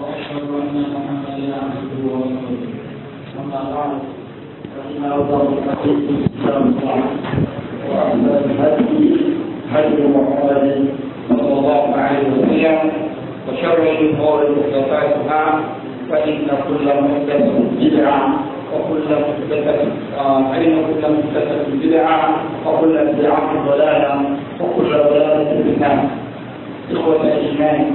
واشهد ان محمدا عبده ورسوله اما بعد فان افضل الحديث كتاب الله واحسن الهدي هدي محمد صلى الله عليه وسلم وشر الامور محدثاتها فان كل محدثه بدعه وكل محدثة فان كل محدثة بدعة وكل بدعة ضلالة وكل ضلالة في النار إخوة الإيمان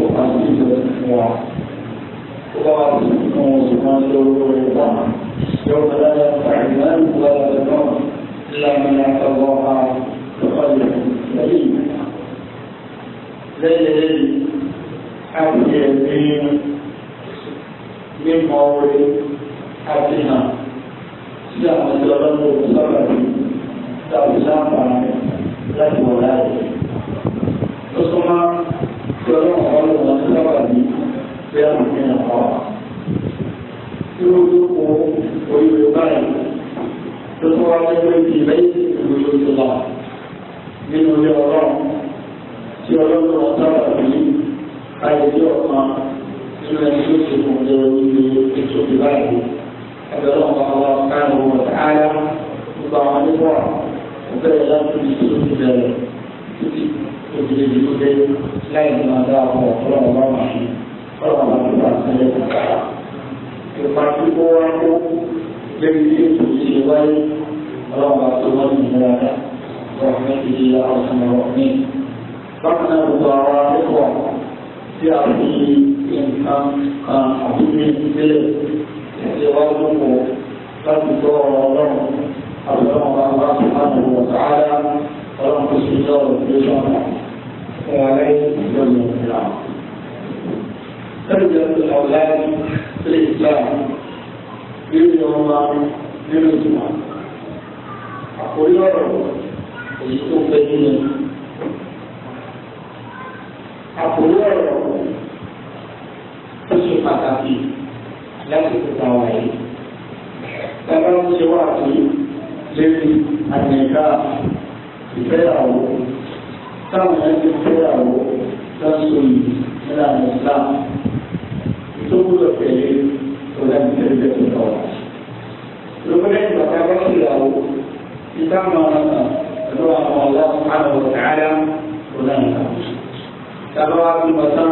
òkàtúntò fún wa ó bá wà fún ọmọ òṣùpá lóró rẹ náà yóò bá dáadáa fàáyé náà ń gba ọ̀rọ̀ náà lámìnà ọgbọ́n ha lọ́kọ̀lẹ̀ lẹ́yìn lẹ́yìn lẹ́yìn àti ẹ̀mí mímọ́ orí àti hàn sí àwọn ẹgbẹ́ ọlọ́run sábà ní sábà sábà láti wọ̀ láàyè. Ó sọ máa lọ́dọ̀ wọn lọ wọn sábà ní bí a ti yàn wá wá. Tí o tó kó oyè báyìí, tó tó wá wáyé ti lẹ́yìn ìgbòho tó lọ nínú ilé ọlọ́run tí ọlọ́run wọn sábà ní àyèjì ọ̀kan nínú ẹni tó ti kùn lé orí ètò ìbáyìí. Ẹgbẹ́ náà wọ́n wá káàró wọn káyà gbogbo àwọn onígbọ̀n ọ̀bẹ̀rẹ̀ láti fi ṣe ìbẹ̀rẹ̀ títí òjòjò tó dé láì ní ọ̀dọ́ àwọn ọ̀pọ̀lọ́ ọ̀bá wọn ṣe ọ̀rọ̀ àwọn àgbà sílẹ̀ kàkàrà. ìpa tí ó wá kó lórí tí ètò ti ṣe wáyé ọlọ́run àti wọn ní ìlera ọ̀fẹ́ ti di ọ̀sán ọ̀rọ̀ ní. bákan náà gbogbo àwọn akẹ́kọ̀ọ́ tí a fi nǹkan kan àti ní ìdílé ìdílé wa lóko láti gbọ́ ọ̀rọ̀ ọlọ́run àti ọlọ́run bá wà sí àwọn ọ̀sán ọlọ́run kò sí ọ̀rọ̀ ìdílé sọ́nà fún wa lẹ́yìn ìlú ìlà. Sẹ́yìn tó lọ láti lè gbà nínú ọmọ nínú ìgbà. Àkórí ọ̀rọ̀ èyí tó fẹ́ nínú. Àkórí ọ̀rọ̀ tó ṣe pàtàkì láti kúta táwọn yẹn ti fẹ́yàwó lọ́sọ̀rọ̀ nílà nígbà tó gbúdọ̀ tẹ̀lé ọ̀la nítorí tó tọ̀ wá. lókòlẹ́ ìgbà tá a bá ti yàwó ìta máa ń nà pẹ̀lú àwọn ọ̀la àwọn ọ̀tàlá ọ̀la nìkan. tábà wá bí wọ́n tán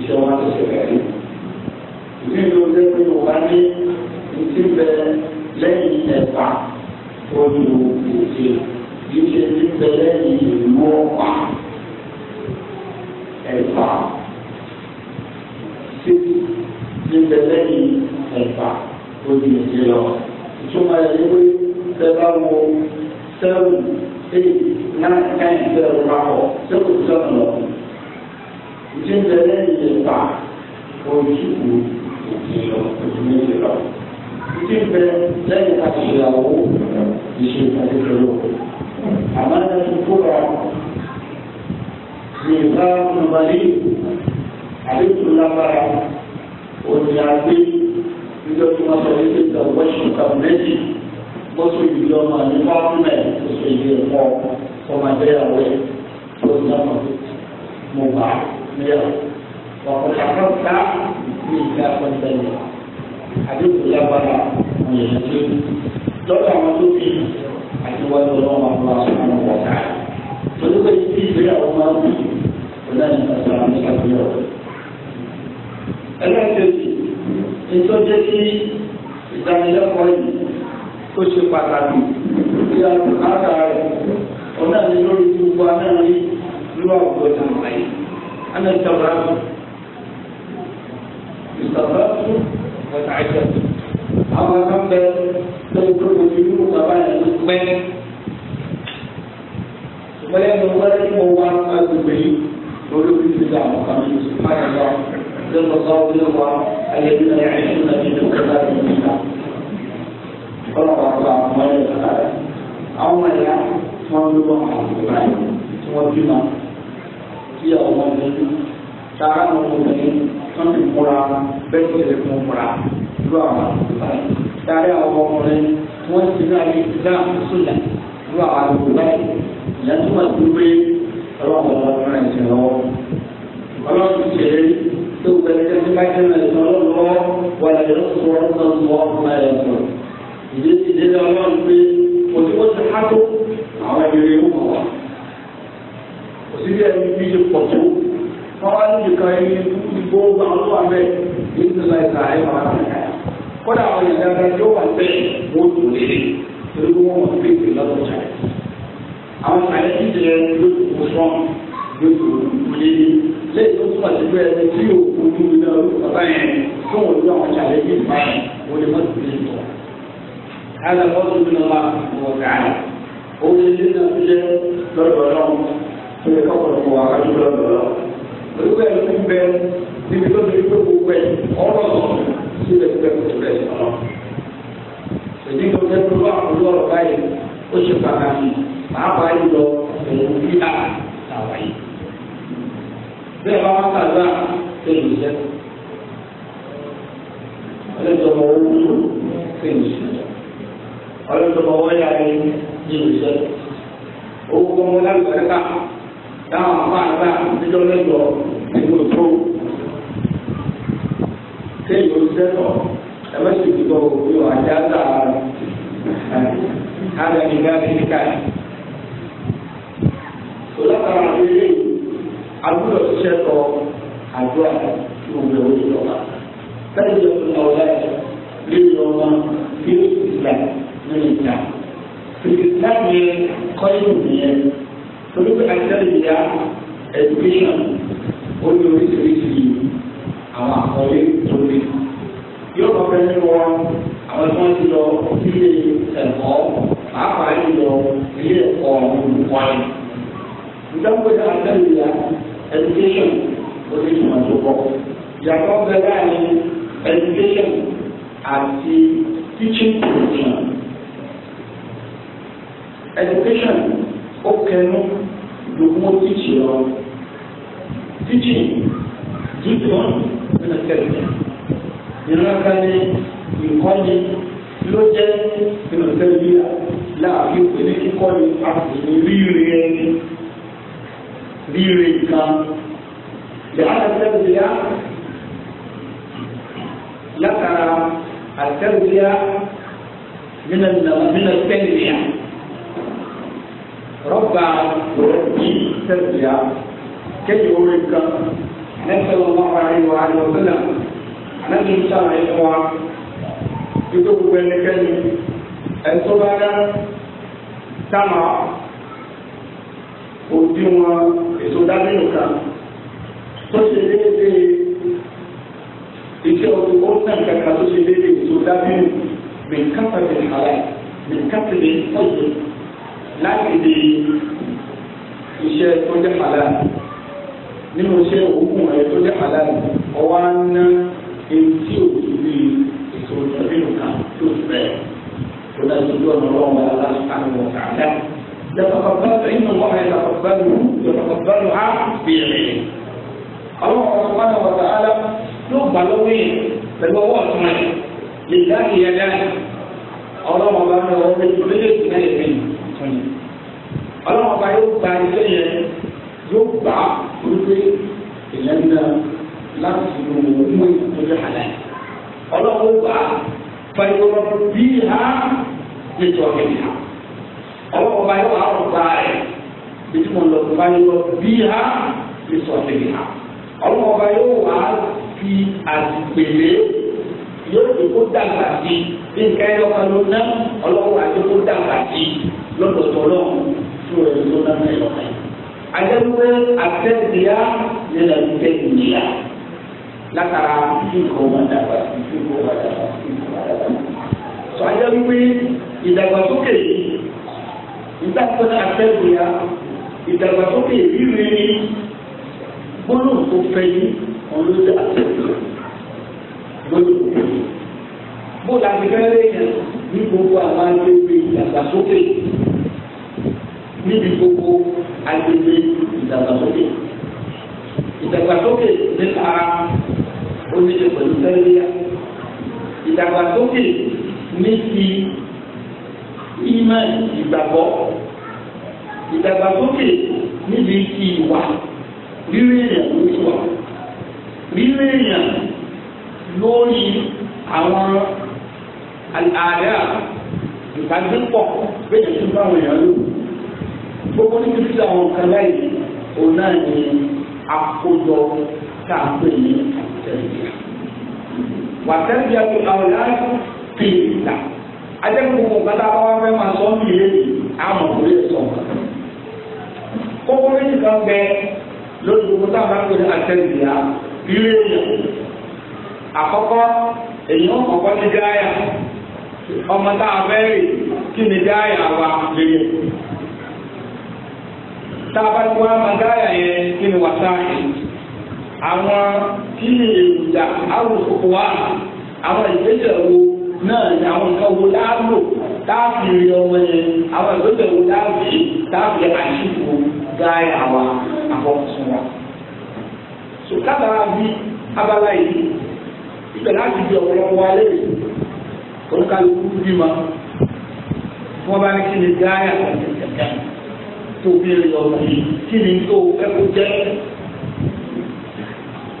ìṣòwò àti ìṣẹ̀lẹ̀ ìdí ìlú ọdẹ pé wọ́n ní ìtì bẹ lẹ́yìn ẹ̀fà tó ju òkè kìí ti bẹ̀rẹ̀ ìlú ọ̀pá ẹ̀fà sí ti bẹ̀rẹ̀ ẹ̀fà ó di ìdí lọ. ìtumọ̀ ẹ̀yẹ́ pé tẹ́lá wo sẹ́wù eight nine ten sẹ́wù papọ̀ sẹ́wù sẹ́wù lọ. ti bẹ̀rẹ̀ ẹ̀fà ó di ìdí lọ ó méjì lọ. ti bẹ̀rẹ̀ lẹ́yìn àti ìyàwó ìṣe àti ìṣòro. أمانة الكبرى ميثاق غليظ حديث الأمر والعبيد يجب ما صليت الزواج مكملتي mọ́tò ìlú ọmọ ní fáwọnà oṣù ìlú ẹ̀kọ́ ọmọdéyàwó ẹ̀ tó ń dáná mo bá níyà ọ̀pọ̀lọpọ̀ àkọ́kọ́ ní ìgbà pẹ̀lẹ́lẹ̀ àdéhùn lágbára ọ̀yẹ̀dẹ́gbẹ́ lọ́dọ̀ àwọn tó fi àti wọ́n tó lọ́wọ́ máa lọ́wọ́ sọ́nà wọn wọ̀ ká. Torí pé tí ìgbéyàwó máa ń bì kò náà nípa ní kábíyọ̀. Ẹlẹ́kẹ̀ẹ́sì ìtọ́jẹ́ sí ìdánilẹ́kọ̀ọ́ yìí tó ṣe pàtàkì bí a lò láta rẹ̀ ọ̀nà ni lórí gbogbo anáàrí ló àwùjọ ìdàgbà yìí. Ana ìtàgbà Mr. Basu, àwọn kan bẹ lórí tó lè fi irú bàbá yẹn ló pẹ́. Ìpínlẹ̀ mi wọ́n ní mo wá agbègbè yìí olórí ti dà mọ́ kàmí ìsúpáyà lọ lọ́nà sọ́wọ́ ló wá ayẹyẹ náà yẹn ṣe náà nínú kẹta ní ìlà. Kọ́lá wà gba àwọn ẹ̀yà rẹ̀. Àwọn ẹ̀yà tí wọ́n ló wà àwọn ìgbà yìí tí wọ́n bímọ tí àwọn ọmọ mi tààrà àwọn ọmọ mi tó ń fi múra bẹ́ẹ̀ tó lè fún múra ìlú àwọn àgbègbè báyìí sáré àwọn ọmọrin tí wọ́n ti ní ayé islam sùnà ìlú àwọn àgbègbè báyìí ìyá tó wà tó gbé ọlọ́run ọlọ́run ẹ̀sìn lọ́wọ́ ọlọ́run ṣe é tó gbẹ̀rẹ̀ tẹ́tí bá jẹ́ ẹ̀sìn ọlọ́run lọ́wọ́ wà lẹ́yìn lọ́sọ̀rọ̀ ọlọ́run lọ́wọ́ fún ẹ̀rẹ̀ sọ̀rọ̀ ìdí ìdílé ọlọ́run pé òtí wọ́n ti há tó àwọn ìrè wọ̀ wá òsibí ẹni bí ṣe pọ̀ tó wọ́n wá ní ìkan ẹni gbogbo àwọn tó wà bẹ́ẹ̀ ní ìdílé ìta ẹ̀ kódà àwọn èèyàn dáadáa wà bẹ́ẹ̀ wọ́n tó lé torí wọ́n wọ́n fi pè lọ́dún ṣáà àwọn àyè ti jẹ yóò sọ́n yóò tó lé lẹ́yìn tó túmọ̀ sí pé ẹni tí yóò kú ní ilé ọdún bàbá yẹn tó wọ́n lé àwọn ṣàlẹ́ yìí nípa wọ́n lè má tó lé tọ̀. ala bọ́sù mi náà wọ́n gà á ó lé lé náà fi jẹ́ lọ́dọ̀ ọlọ́run tó lè kọ́kọ̀rọ̀ kọ́ tó ti gbé gbogbo ẹ̀ ọ̀rọ̀ síbẹ̀síbẹ̀ kò tó rẹ̀ sọ̀rọ̀. Ṣèjì tó jẹ́ pé wà báyìí ó ṣe pàtàkì pàápàá yìí lọ òun bí a tàwa yìí. Bẹ́ẹ̀ bá wá kàdúrà tó lè jẹ́. Ọlọ́dọ̀mọ̀ owó wúlò tó lè jẹ́. Ọlọ́dọ̀mọ̀ owó yà ni ní ìṣẹ́. Owó gbọmọ lágbàdàkà táwọn àpá àgbà níjọ́ lẹ́jọ́ ẹgbẹ́ òṣòwò sẹ́yìn olùsẹ́tọ̀ ẹ má ṣe ìdìbò òfin àti àgbà àgbà nígbà kíkà. Olùkọ́ àwọn ilé àbúrò ṣiṣẹ́ tọ àdúrà tí mo bẹ̀rù ní ọ̀la. Sẹ́yìn ìjọba ìjọba ọ̀la ẹ̀ lè lọ ọmọ bí ó ti gbà lórí ìjà. Fìtìlá yẹn kọ́yìn nìyẹn. Torí pé àti ẹ̀yà education ó ní oríṣiríṣi yìí àwọn àkọlé tó le yóò kọ́ fẹ́ nínú àwọn tí ti lọ ilé ẹ̀kọ́ pàápàá lílọ ilé ẹ̀kọ́ àwọn olùkọ́ni. ìjọba ìjọba àtẹ̀lẹ́yà education ó ti tún àti pọ̀ ìyàtọ̀ bẹ́ẹ̀ láàrin education àti teaching profession education ó kẹnu lókun ó lọ teaching dùn tó ń. من الكذب إنما كان يقال لوجه من التربية لا يمكن أن يقال عبد ريري ريري كان لأن التربية ذكر التربية من من التربية ربع ربي تربية كي يوريك نسأل الله عليه وآله وسلم أن الإنسان يقوى يتوب بالنكلم الصبر سمع òdiwọ̀n èso dábìlì kan tó ṣe déédéé iṣẹ́ ọdún ó nà kankan tó ṣe déédéé èso dábìlì bìnkátàbìlì àlẹ́ bìnkátàbìlì ọ̀yẹ́ láti di iṣẹ́ tó jẹ́ àlẹ́ nínú iṣẹ́ òògùn ẹ̀ tó jẹ́ àlàyé ọwọ́ á ná etí òkú bí ètò ìjọba ìrùkà tó fẹ́ tó dájú tó ọ̀nà ọlọ́run bá aláṣàkánù ọ̀tà àdá. يتقبل فإن الله يتقبله يتقبلها بعلمه الله سبحانه وتعالى يقبل وين pẹ̀lú ọwọ́ ọ̀tún rẹ̀ lè dáhì yẹn dáhì ọlọ́wọ́ bá ń lọ méjì méjèèjì náà lè fi tún yẹn ọlọ́wọ́ bá yóò gba iṣẹ́ yóò gbà á wípé èèyàn náà láti fi mú mú ìtọ́jú àlẹ́ ọlọ́wọ́ gbà fàyọ̀rọ̀ bí ha ètò ọ̀gbìn ha ọlọ́wọ́ bá yọ̀ àwọn ọ̀gbà rẹ̀ ètò ọ̀gbìn fàyọ̀rọ̀ bí ha ètò ọ̀gbìn ha ọlọ́wọ́ bá yọ̀ wá fi àdìgbèlé yóò fi kó dàgbà sí bí nǹkan ẹ̀rọ kan ló ná ọlọ́wọ́ àti kó dàgbà sí lọ́dọ̀ tọ́lọ́ fún ẹ̀rọ tó ná mẹ́rọ kan yìí adéwé atẹ́síá nílẹ̀ ìtẹ́nìyà látara fífò mọ̀dàgbà fífò mọ̀dàgbà fífò mọ̀dàgbà. sọ adéwé ìdàgbàsókè ìdàgbàsókè atẹ́síá ìdàgbàsókè rírì gbólóhùn tó fẹ́ yí olóde atẹ́síá gbólóhùn tó fẹ́ yí. bó la ti fẹ́ lé yẹn ní gbogbo àwọn agbègbè ìdàgbàsókè níbi gbogbo agbègbè ìdàgbàsókè ìdàgbàsókè nípa oníṣe pẹ̀lú tẹ́lẹ̀yà ìdàgbàsókè ní ti ìmọ̀ ìgbàgbọ́ ìdàgbàsókè níbi ti ìwà rírí èèyàn lórí ìwà rírí èèyàn lórí àwọn àárẹ̀ ìbágbépọ̀ bẹ́ẹ̀ tó bá wọn èèyàn gbogbo ní ti fi àwọn kan láì òun náà ní àkójọ tá a pè ní àtẹ̀lẹ́yà wàtẹ́lẹ́yà tó àwọn láì pè é ta ajẹ́kùnkùn kọ́tà báwa fẹ́ máa sọ mí lẹ́yìn àmọ̀ kò lè sọ nǹkan kókó méjì kan bẹ lórí gbogbo tá a bá pè ní àtẹ̀lẹ́yà ilé èèyàn àkọ́kọ́ èèyàn ọ̀kọ́ ti dáyà ọmọ tá a fẹ́ rè kí ni dáyà wa lè yẹ tá a bá ti wá mangaya yẹn nínú wasaaki àwọn tí èròjà awòsòkò wa àwọn ìgbésẹ̀ wo náà ni àwọn nǹkan wo láàlò táàfì rí ọmọ yẹn àwọn ìgbésẹ̀ wo láàfì táàfì àṣìkò gáyà wa àfọwọ́sùn wa. sọ kábàárà bí abala yìí ibẹ̀ láti di ọ̀pọ̀lọpọ̀ alẹ́ yìí olùkàlùkù bímọ wọ́n bá ní kí ni gáyà àti ìjẹ̀kẹ́ yìí tó lọ sí kí ni tó fẹ́ kó jẹ́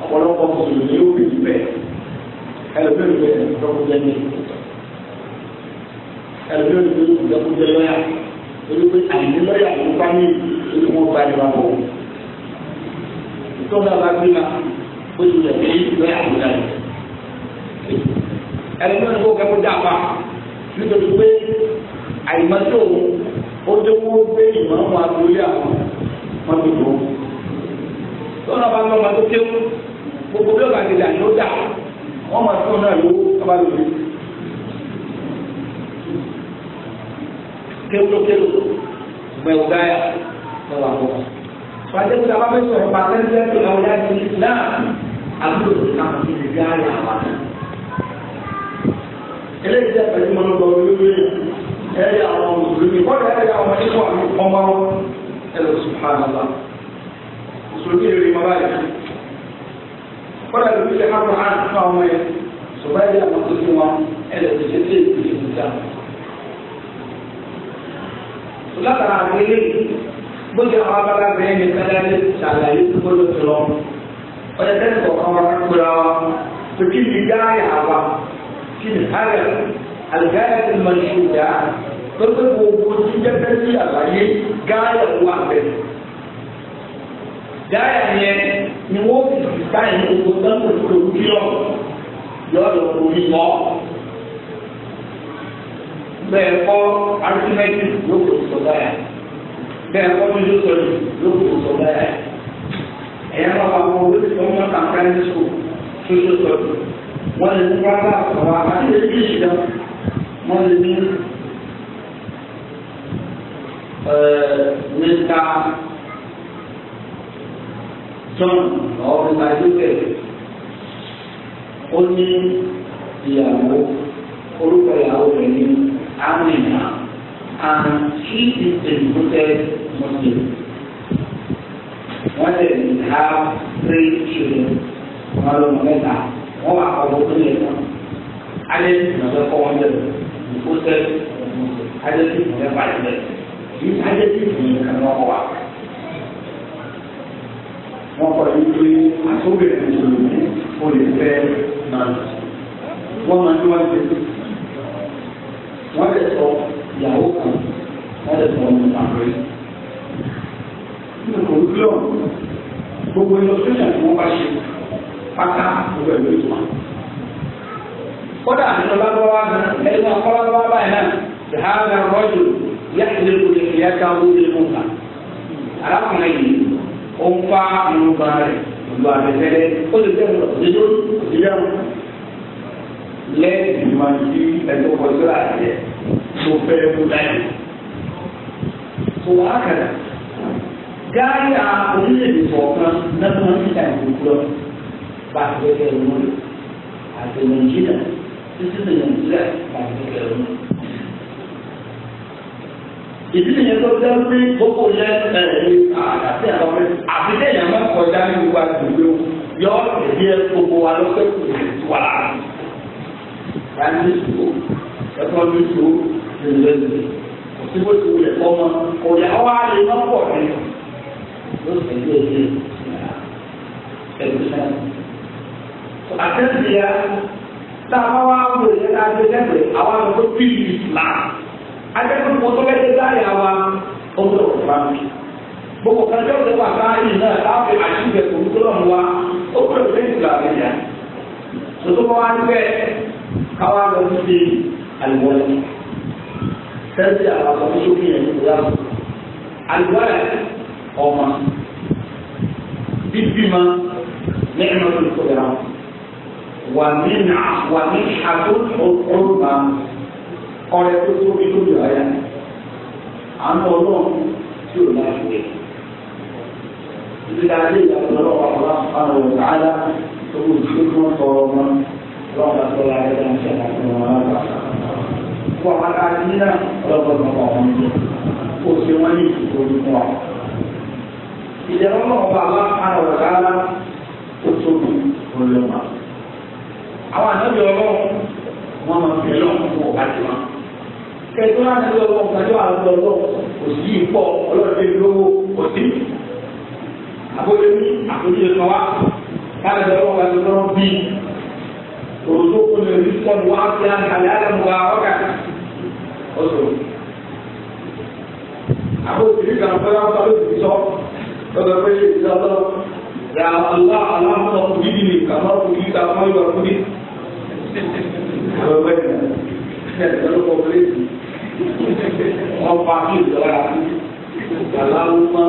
ọ̀pọ̀lọpọ̀ mùsùlùmí ó bì bẹ́ẹ̀ ẹlòmíràn bẹ́ẹ̀ ló kó ní ẹlòmíràn bẹ́ẹ̀ ló kó jẹ́ lọ́yà torí pé lọ́yà ló bá ní ìlú wọn bá ní wọn bọ̀ ìtọ́jú àbágbé náà ó ti yẹ kí lọ́yà ló dá yìí ẹlòmíràn kó kẹ́kọ̀ọ́ dá a pa nítorí pé àyìnbá tó ó tó kó gbé ìmọ̀ràn wa lórí àwọn mọ́tò tó. tọ́lá bá gbọ́ ọmọ tó kéwú gbogbo bí ọba àtẹ̀lẹ̀ àná dà wọ́n máa tún náà lówó ọba lòdì. kéwú ló kéwú gbẹ̀wò gáyà lọ́wọ́ àbọ̀. pàṣẹ tí a bá fẹ́ sọ̀rọ̀ pàṣẹ tí a tẹ̀lé ọ̀dà ti náà àbúrò tó kà fún mi gáyà wa. eléyìí jẹ́ pẹ̀lú mọ́nà bọ̀ lórí rẹ̀ ẹ̀yà àwọn mùsùlùmí kọ́ni ẹ̀yà àwọn ẹ̀kọ́ àmì ọmọ wọn ẹ̀lọ́ subhanallah mùsùlùmí rèé ma báyìí kọ́ni ẹ̀lọ́ bí ṣe hàn fún hàn fún àwọn ẹ̀ sọ̀bá ẹ̀yà àwọn tó fún wọn ẹ̀lọ́ ti ṣe tẹ̀ ìpìlẹ̀ níta. látara àwọn ilé bó ṣe àwọn abala bẹ́ẹ̀ ni kálí ṣàlàyé tó gbọ́dọ̀ tó lọ ọ̀dẹ̀ tẹ́lẹ̀ kọ̀ọ̀kan wa kúra wa tó kí alikaya ti mansuda tó pé gbogbo jíjẹ tẹ́lẹ̀ àlàyé gáyà wà bẹ́ẹ̀. gáyà yẹn ni wọ́n fi báyìí gbogbo tẹ́lẹ̀ tó kílọ̀ lọ́dọ̀ orí mọ́. bẹ́ẹ̀ kọ́ arúgbẹ́tì ló kò sọ gáyà bẹ́ẹ̀ kọ́ tuntun sọ̀rọ̀ ló kò sọ gáyà. ẹ̀yà máa wà wọ́n wọ́n ti sọ wọn kàn primary school tuntun sọ̀rọ̀ wọ́n lè ní wọ́n lè ní mẹ́ta john ọ̀rọ̀ ìgbàlódé ó ní ìyàwó orúkọ ìyàwó rẹ̀ ní amina and he is a devoted muslim wọ́n lè ní have three children wọ́n lọ mọ̀ mẹ́ta wọ́n wà ọ̀rọ̀ tó lè tán alẹ́ ìgbàlódé kọ́ wọn lẹ́nu ó tẹ adétìfù mẹ́fà sílẹ̀ kí adétìfù nìkan ni wọ́n kọ́ wa. wọ́n kọ́ yìí pé àtúbẹ̀rẹ̀ mùsùlùmí ó lè fẹ́ náà wọ́n máa ní wọ́n ti wọ́n lè sọ ìyàwó kan wọ́n lè sọ ọmọ àgbẹ̀. nínú kòlùkùlọ̀ gbogbo ìlọsílẹ̀ ni wọ́n bá ṣe pátá gbogbo ìlú ìtumọ̀ kódà nínú lábọ́wá náà ẹni náà kọ́ lábọ́wá báyìí náà ìhàgà rọ́jò yàtìlẹ̀ kùdì ìyàtà wúlé fún ká. arákùnrin yìí ó ń fa irun ba rẹ̀ ìlú àbẹ̀tẹ́lẹ̀ ó lè dẹ́mu òdodo òdìyàwó lẹ́yìn ìgbìmọ̀ tí ẹ̀tọ́ kọjú àjẹ́ tó fẹ́ mú láyé. tó wá kàdà gáàrí à orílẹ̀-èdè kọ̀ọ̀kan náà máa ń ta ìgbòkúrọ̀ bá a ti fẹ́ fẹ́ mú àtẹnudínà. Itu dengan jelas mampu ilmu. Itu dengan kau tahu ni bukanlah dari ada siapa pun. Apabila yang mana kau dah buat dulu, yang dia bukan itu tuan. Dan itu, kalau itu dengan síbò tí wulẹ̀ kọ́ mọ́ òyà ọwọ́ alẹ́ náà pọ̀ ní ló sì ń gbé ẹgbẹ́ ẹgbẹ́ sẹ́yìn. àtẹ̀síyà tá a bá wá wò lè yẹn láti lẹ́sẹ̀ àwa lọ tó bí ìlà adẹ́kùn mọ́tò bẹ́ẹ̀ láyé àwa ọgbẹ́ òkúta mi gbogbo kájọ́ lè wà báyìí náà láti àṣìṣe kò ní tó lọ́mú wa ó gbọ́dọ̀ fẹ́ ìlà rẹ̀ yá tuntun bá wá níbẹ̀ káwá lọ sí àlùwọ́lẹ̀ sẹ́ńtì àwọn ọmọ sókè yẹn ní ìlú àlùwọ́lẹ̀ ọmọ bíbí ma ní ìmọ̀ wamin wamin hatun hukuman oleh tutup itu juga ya anolong itu masuk jadi tadi yang berdoa Allah subhanahu wa ta'ala tubuh syukur tolongan roh dan pelayan dan syarat kemarin wa marakina rabbul maqam usiman itu kudukwa di orang Allah subhanahu wa ta'ala tutup itu àwọn ànábì ọlọ́run wọn máa fi ẹlọ́run fún ọ̀gá ti wọn. kẹtọ́ ànábì ọlọ́run kájọ́ àlọ́ ọlọ́run kò sí ìpọ̀ ọlọ́run lè lówó kò sí. àbójú ní àbójú ẹ̀sán wa káàdì ọlọ́run wà lọ́rọ́ bí òròdó kún lè rí sọ́ọ̀nù wá sí àkàlẹ́ àlẹ́mú wa ọ̀gá ọ̀sọ̀. àbójú ní kàǹfẹ́ wọn bá lóṣù sọ lọ́dọ̀ pé ìjọba yà Allah aláhùn ọ̀kùnrin kàmá ọ̀kùnrin kàmá ọ̀kùnrin wọ́n pa kí ìjọba yà kú aláwùmá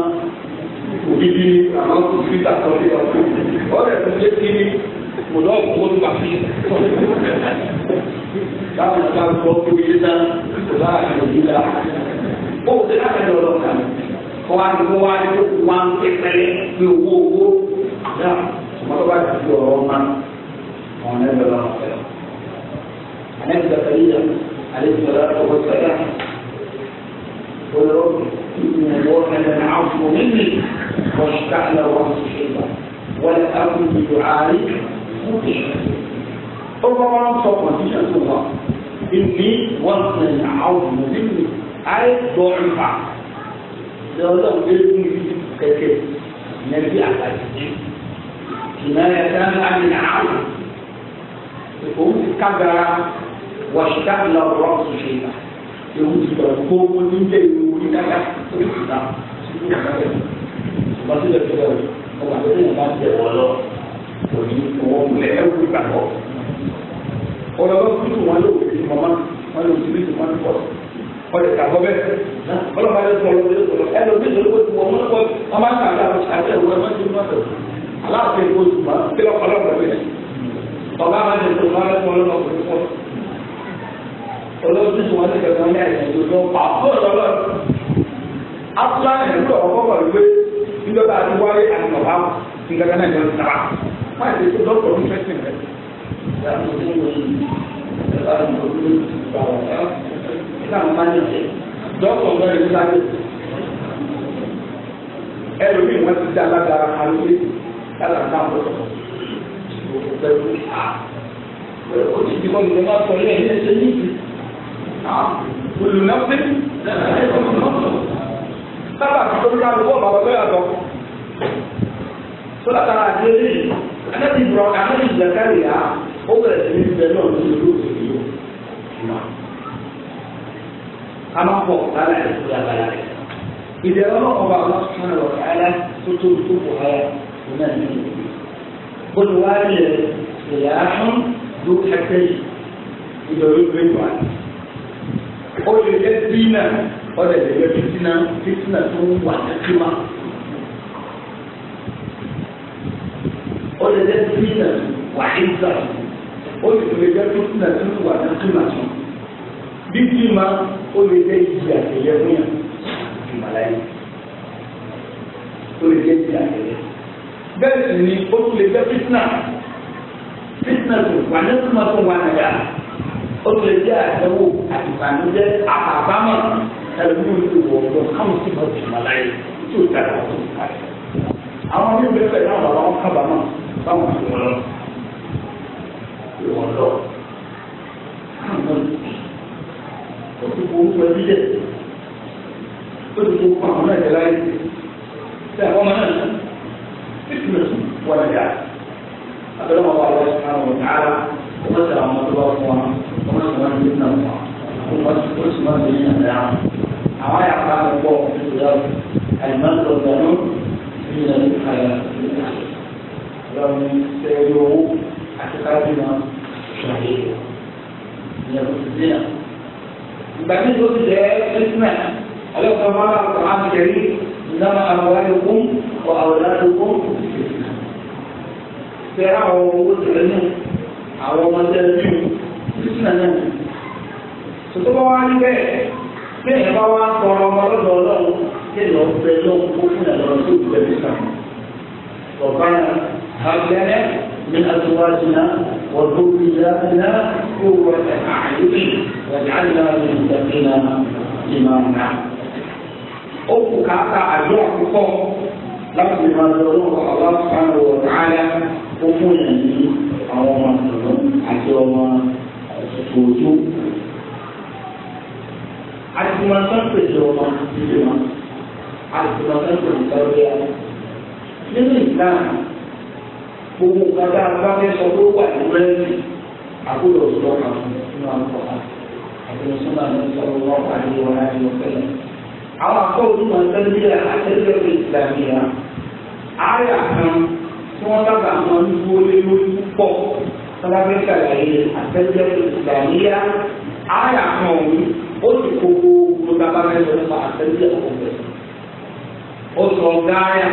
òbíbí àwọn kòkìtà tó lé ọkọ ọ̀rẹ́ tó lé sí mọlọ ọgbọmọdún wà sí táwọn ọgá gbọ́ kó yé náà kò bá àgbẹ̀ yìí la ó ti láti lọ lọ kàn kó wá ní kó wá ní kó wá ń pẹpẹrẹ ní owó owó náà tọmọtọ bá ti عند فريق عليه الصلاة والسلام قل رب إن الله عفو مني واشفع له رأسي شيئا ولا أكن بدعائك مطيعا ربما صوت مفيش أن الله إني وزن العظم مني أي ضعفا لو لو جلدني في كثير نبي على كناية عن العظم تقوم تكبر واشتعل الرأس شيئا يقول فوق نيجي يقول لك bàtí lè fi lẹ́wọ̀ ọgbà tó lè bá jẹ wọ́n lọ òní wọ́n lè ẹ̀wù ìgbàgbọ́. ọ̀rọ̀ bá kú tù wọn ló wò sí mọ́mọ́ wọn lò sí bí tù wọn kọ̀ ọ̀rẹ́ kàgbọ́ bẹ́ẹ̀ ọlọ́ba yẹn sọ̀rọ̀ lórí sọ̀rọ̀ ẹ lọ bí sọ̀rọ̀ kó tù wọn wọn kọ́ wọn bá kà á àti ẹ̀wù ẹ̀wù ẹ̀wù ẹ̀wù aláàfin kó tù wọn kí lọ́kọ̀ lọ́kọ̀ bẹ́ẹ̀ ọ̀gá máa ń olóòtú tí wọ́n ti kẹ̀kọ́ ní àyè ìdòdó pàtó lọ́lọ́ afúlá ní ìlú ọ̀kọ́ pọ̀ wípé níjọba àti wáyé àti bàbá nǹkan kan náà jọ ń tara wọ́n ti tó dọ́kítọ̀ ní fẹ́sìn rẹ̀. dọ́kítọ̀ lọ́ọ́ yẹn sáré ẹlòmíì wọ́n ti dá alágbára alóde kálá náà lọ́sọ̀ òkú pẹ̀lú a òtítí kọ́ni ló máa sọ ilé ẹ̀ ní ẹsẹ̀ níbi. كل نفس sábà tó ń lọ wọ́n bàbá bẹ́ẹ̀ lọ sọ́dọ̀ kára àti ẹ̀rí anábì ìbúra anábì ìzàkárì yá ó bẹ̀rẹ̀ sí ní ibẹ̀ náà ní ìlú a ó lè jẹ́ dínà ó lè jẹ́ fitina fitina tó ń wà kékeré ó lè jẹ́ dínà wà ìgbà ó lè jẹ́ fitina tó ń wà kékeré tó bí tìma ó lè jẹ́ ìyà tẹ̀lé fún yàn ìmàlá yìí ó lè jẹ́ ìyà tẹ̀lé bẹ́ẹ̀ sì ni ó tún lè fitina fitina tó wà kékeré tó wà nàgà olùlẹ̀ jẹ́ àtẹ̀wò àtìbànújẹ́ àbàbámọ̀ ẹlòmíràn ti wọ̀ ọ̀dọ̀ káwọn sì máa jùmọ̀ láyé tí ò dára wọn sì àwọn bí wọ́n fẹ́ náà bàbá wọn kábàámọ̀ báwọn fi wọn lọ wọn lọ. ó ti wo orúkọ ẹbí jẹ ó ti wo àwọn náà jẹ láyé tí àwọn ọmọ náà ní ìtumọ̀ sí wọn lẹ́yà àbẹ̀rẹ̀ wọn wà lọ́wọ́ sí àwọn ọ̀tá 我讲我知道说，我们什么人能嘛？我我什么人能呀？俺们也干得过，就是要还能做人，一人还要再有还是干什么？是的，也不是这样。بعدين تقول لي اسمع ألو كما قال القرآن الكريم إنما أموالكم وأولادكم فتنة. سيرى وقلت àwọn ọmọ tẹ ní sísúnà náà ní. tòtò bá wá ní bẹ́ẹ̀ bẹ́ẹ̀ yẹn bá wá tọrọ ọmọ lọ́dọ̀ ọlọ́run kí lọ́ọ́ fẹ́ lọ́ọ́ kó fún ẹ̀ lọ́ọ́ tó gbẹ mí sàn. ربنا هب لنا من ازواجنا وذرياتنا قرة اعين واجعلنا للمتقين اماما. ó kù káàkà àjọ àkọ́kọ́ láti máa lọ lọ́wọ́ àwọn àwọn àwọn ọ̀rọ̀ ó fún yẹn yìí àwọn ọmọ àtọ̀nà àti ọmọ òjò. àti máa tán pèsè ọmọ ìdílé wọn àti máa tán pèsè ìtàwé ara. nínú ìlànà gbogbo nǹkan tá a bá fẹ́ sọ pé ó wà ní rẹ́ẹ̀sì àbúrò ọ̀sọ́ kan nínú àwọn ọ̀gá àti mùsùlùmí àti sọ̀rọ̀ wọn wà ní wọn láti wọn fẹ́lẹ̀. àwọn akọ́wọ́dún máa ń tẹ́lẹ̀ àtẹ́lẹ̀ ìgbàmìíràn. ààrẹ àkàn tí wọ́n sábà máa ń dúró lé lórí púpọ̀ tọ́lá fẹ́ ṣàlàyé àtẹ́jọ́ ìgbàlíyà àyà kan òun ó sì kó gbogbo bàbá mẹ́rin nípa àtẹ́jọ́ ọ̀gbẹ́. ó sọ gáyà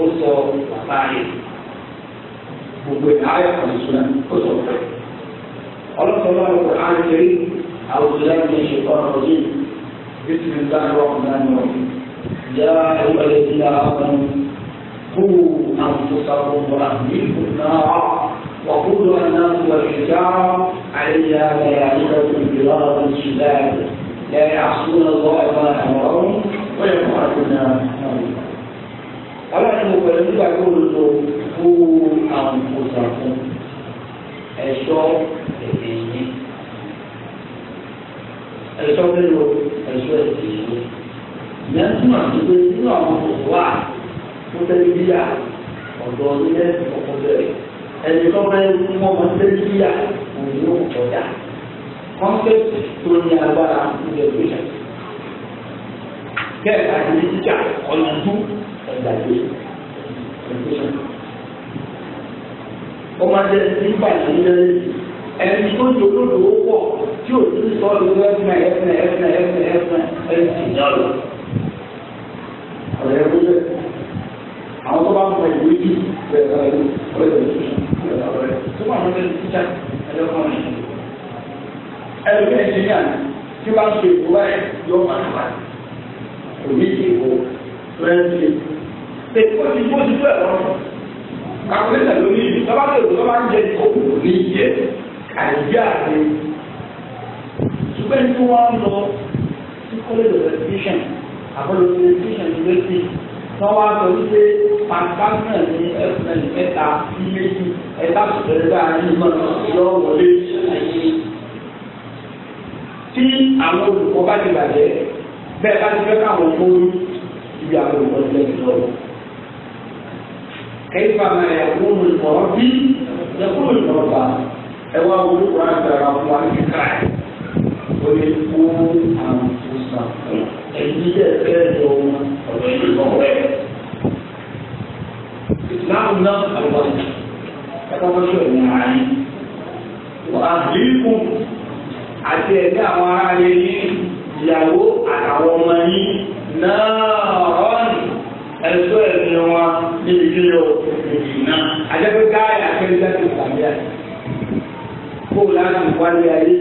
ó sọ bàbá rẹ̀ gbogbo àyà kan sùnà ó sọ fẹ́. ọlọ́sọ̀rọ̀ ọ̀pọ̀ àjẹrí àwùjọ ní ìṣèkọ́nà ọ̀dún bísí ní sáà rọ̀ ọ̀nà ìwọ̀n. yá ìwà ìdílé àwọn ọmọ قوا أنفسكم وأهليكم نارا وقودها الناس والحجارة عليها ملائكة بغرض شداد لا يعصون الله ما أمرهم ويفعلون ما ولكن فلم يقول قوا أنفسكم ẹ̀ṣọ́ èdè yìí ẹ̀ṣọ́ mélòó ẹ̀ṣọ́ èdè yìí yẹn túmọ̀ sí pé nínú àwọn òwò àti tó tẹ́lẹ̀ bíyà ọ̀dọ́ nílẹ̀ ẹni tó bá ń mú ọmọ tẹ́lẹ̀ òun yóò kọjá kọ́ńtẹ́tì tó ní agbára nílẹ̀ ìgbésẹ̀ kẹ́ẹ̀ka ìdílé jíjà ọ̀yàndú ẹ̀dàgbé ìgbésẹ̀ ọmọdé ní bàjẹ́ ẹni tó ní olódò wọ̀ tí o ti sọ lórí ẹ̀fẹ̀ ẹ̀fẹ̀ ẹ̀fẹ̀ ẹ̀fẹ̀ ẹ̀fẹ̀ ẹ̀fẹ̀ ẹ̀fẹ̀ ẹ̀fẹ̀ ọ̀rẹ́ ẹ̀fẹ̀ àwọn tó bá mọ ìwé jù bẹ́ẹ̀ bá yẹ ọ̀rẹ́ rẹ̀ tó ọ̀rẹ́ rẹ̀ tó wà lọ́dẹ tíṣà ẹ̀rọ kan rẹ̀. ẹ̀rọ bí ẹnjìníà tí wọ́n ṣe ìwọ ẹ̀ yọ pàtàkì kò ní kí ìwọ rẹ̀ ṣe. èkó ti bó ti fẹ́ lọ. kàkúrẹ́tà lórí ìlú tọ́ba tó ìlú tọ́ba ń jẹ ìkókò ní ìjẹ àìjẹ́ àti ṣùgbọ́n tí wọ́n lọ sí kọ́lẹ́dọ̀ tọ́wọ́ sọ wípé pàǹpáǹpà ní ẹ̀fúnẹ̀lì mẹ́ta sí méjì ẹ̀dá sọ̀rọ̀ bá ní mọ̀ yọ wọlé tí àwọn olùkọ́ bá ti bàjẹ́ bẹ́ẹ̀ bá ti fẹ́ káwọn kó ibi àwọn olùkọ́ ti lẹ́yìn lọ́wọ́. kẹ́yìn fama ẹ̀kún olùkọ́ bí ẹ̀kún olùkọ́ bá ẹ̀wọ́ olùkọ́ àgbàrá fún wa ní káyà ó lè kó àwọn fúnṣà ẹ̀yìn when you compare. Islam not about ẹ̀kọ́kọ́sọ ìyàrin. Àbíkù àti ẹ̀dá àwọn ará rẹ̀ ní ìyàwó àtàwọn ọmọ yìí náà rọ́ọ̀nù ẹ̀sọ́ ẹ̀mí wọn ní ìdílé òkùnkùn náà. Àjẹ́pẹ́ gáàyà akẹ́lẹ́dá ti sàmì àti kó láti wálé ayé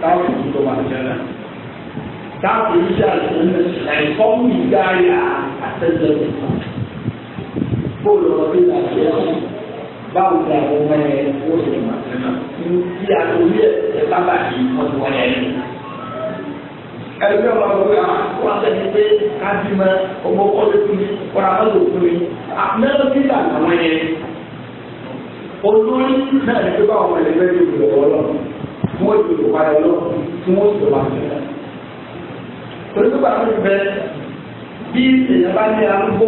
táwọn òṣìṣẹ́ wà jẹ́ náà káàpù ìṣe àtúnṣe ẹ̀kọ́ mi gárí àtẹ̀jẹ̀ nìkan. Bóòlù ọdún àti ẹ̀kọ́ báwo ni àwọn ọmọ yẹn ó sì máa tẹ̀ náà. Ní àtúnṣe ẹ̀ sábà ní ọdún ọ̀yẹ́ ni. Ẹgbẹ́ ọmọ ọgbẹ́ wa sẹ́ni pé kájí mọ ọmọ kọ́lé fún mi, kọ́ra mọ́ lò fún mi. Mẹ́rin nígbà làwọn yẹn. Olórí náà ní pé báwọn ọmọ ẹ̀lẹ́gbẹ́ yóò lọ wọ́lọ́, tí wọ́n ti lò padà lọ, tí wọ́n ti lò wá sílẹ̀ tolúgbà tó bẹ bí èèyàn bá ní arúgbó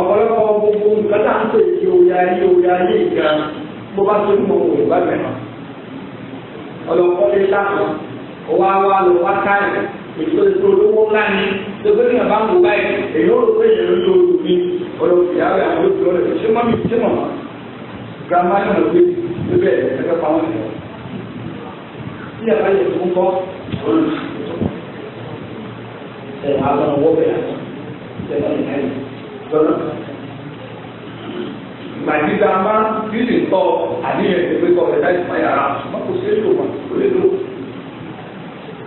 ọ̀pọ̀lọpọ̀ gbogbo nǹkan tá à ń pè ní òye ayé òye ayé bó bá tó ní mo wò wá mẹ́fà ọlọ́pọ̀ lé lánàá wá wá lọ wá káyọ̀ èso èso olówó ńlá ni gbogbo èèyàn bá ń báyìí èèyàn ò rò pé èèyàn ń lo mi ọlọ́pọ̀ ìyá rẹ̀ àwọn olùdó rẹ̀ ṣé mọ́mí ṣé mọ̀mọ́ gàmá ní ọ̀gbẹ́ níbẹ̀ ẹgbẹ́ pàmò ìyá. Tí àbáyé tó ń bọ́ olùsọ̀tò ṣe àwọn owó bẹ̀rẹ̀ ṣe lọ́nà ìlú lọ́nà. Màjí ta máa ń bílì kọ́ àníyàn tó gbé kọ́ ẹ̀dá ìfọ̀ yàrá má kò ṣe é lò wọ́n kò lè lò.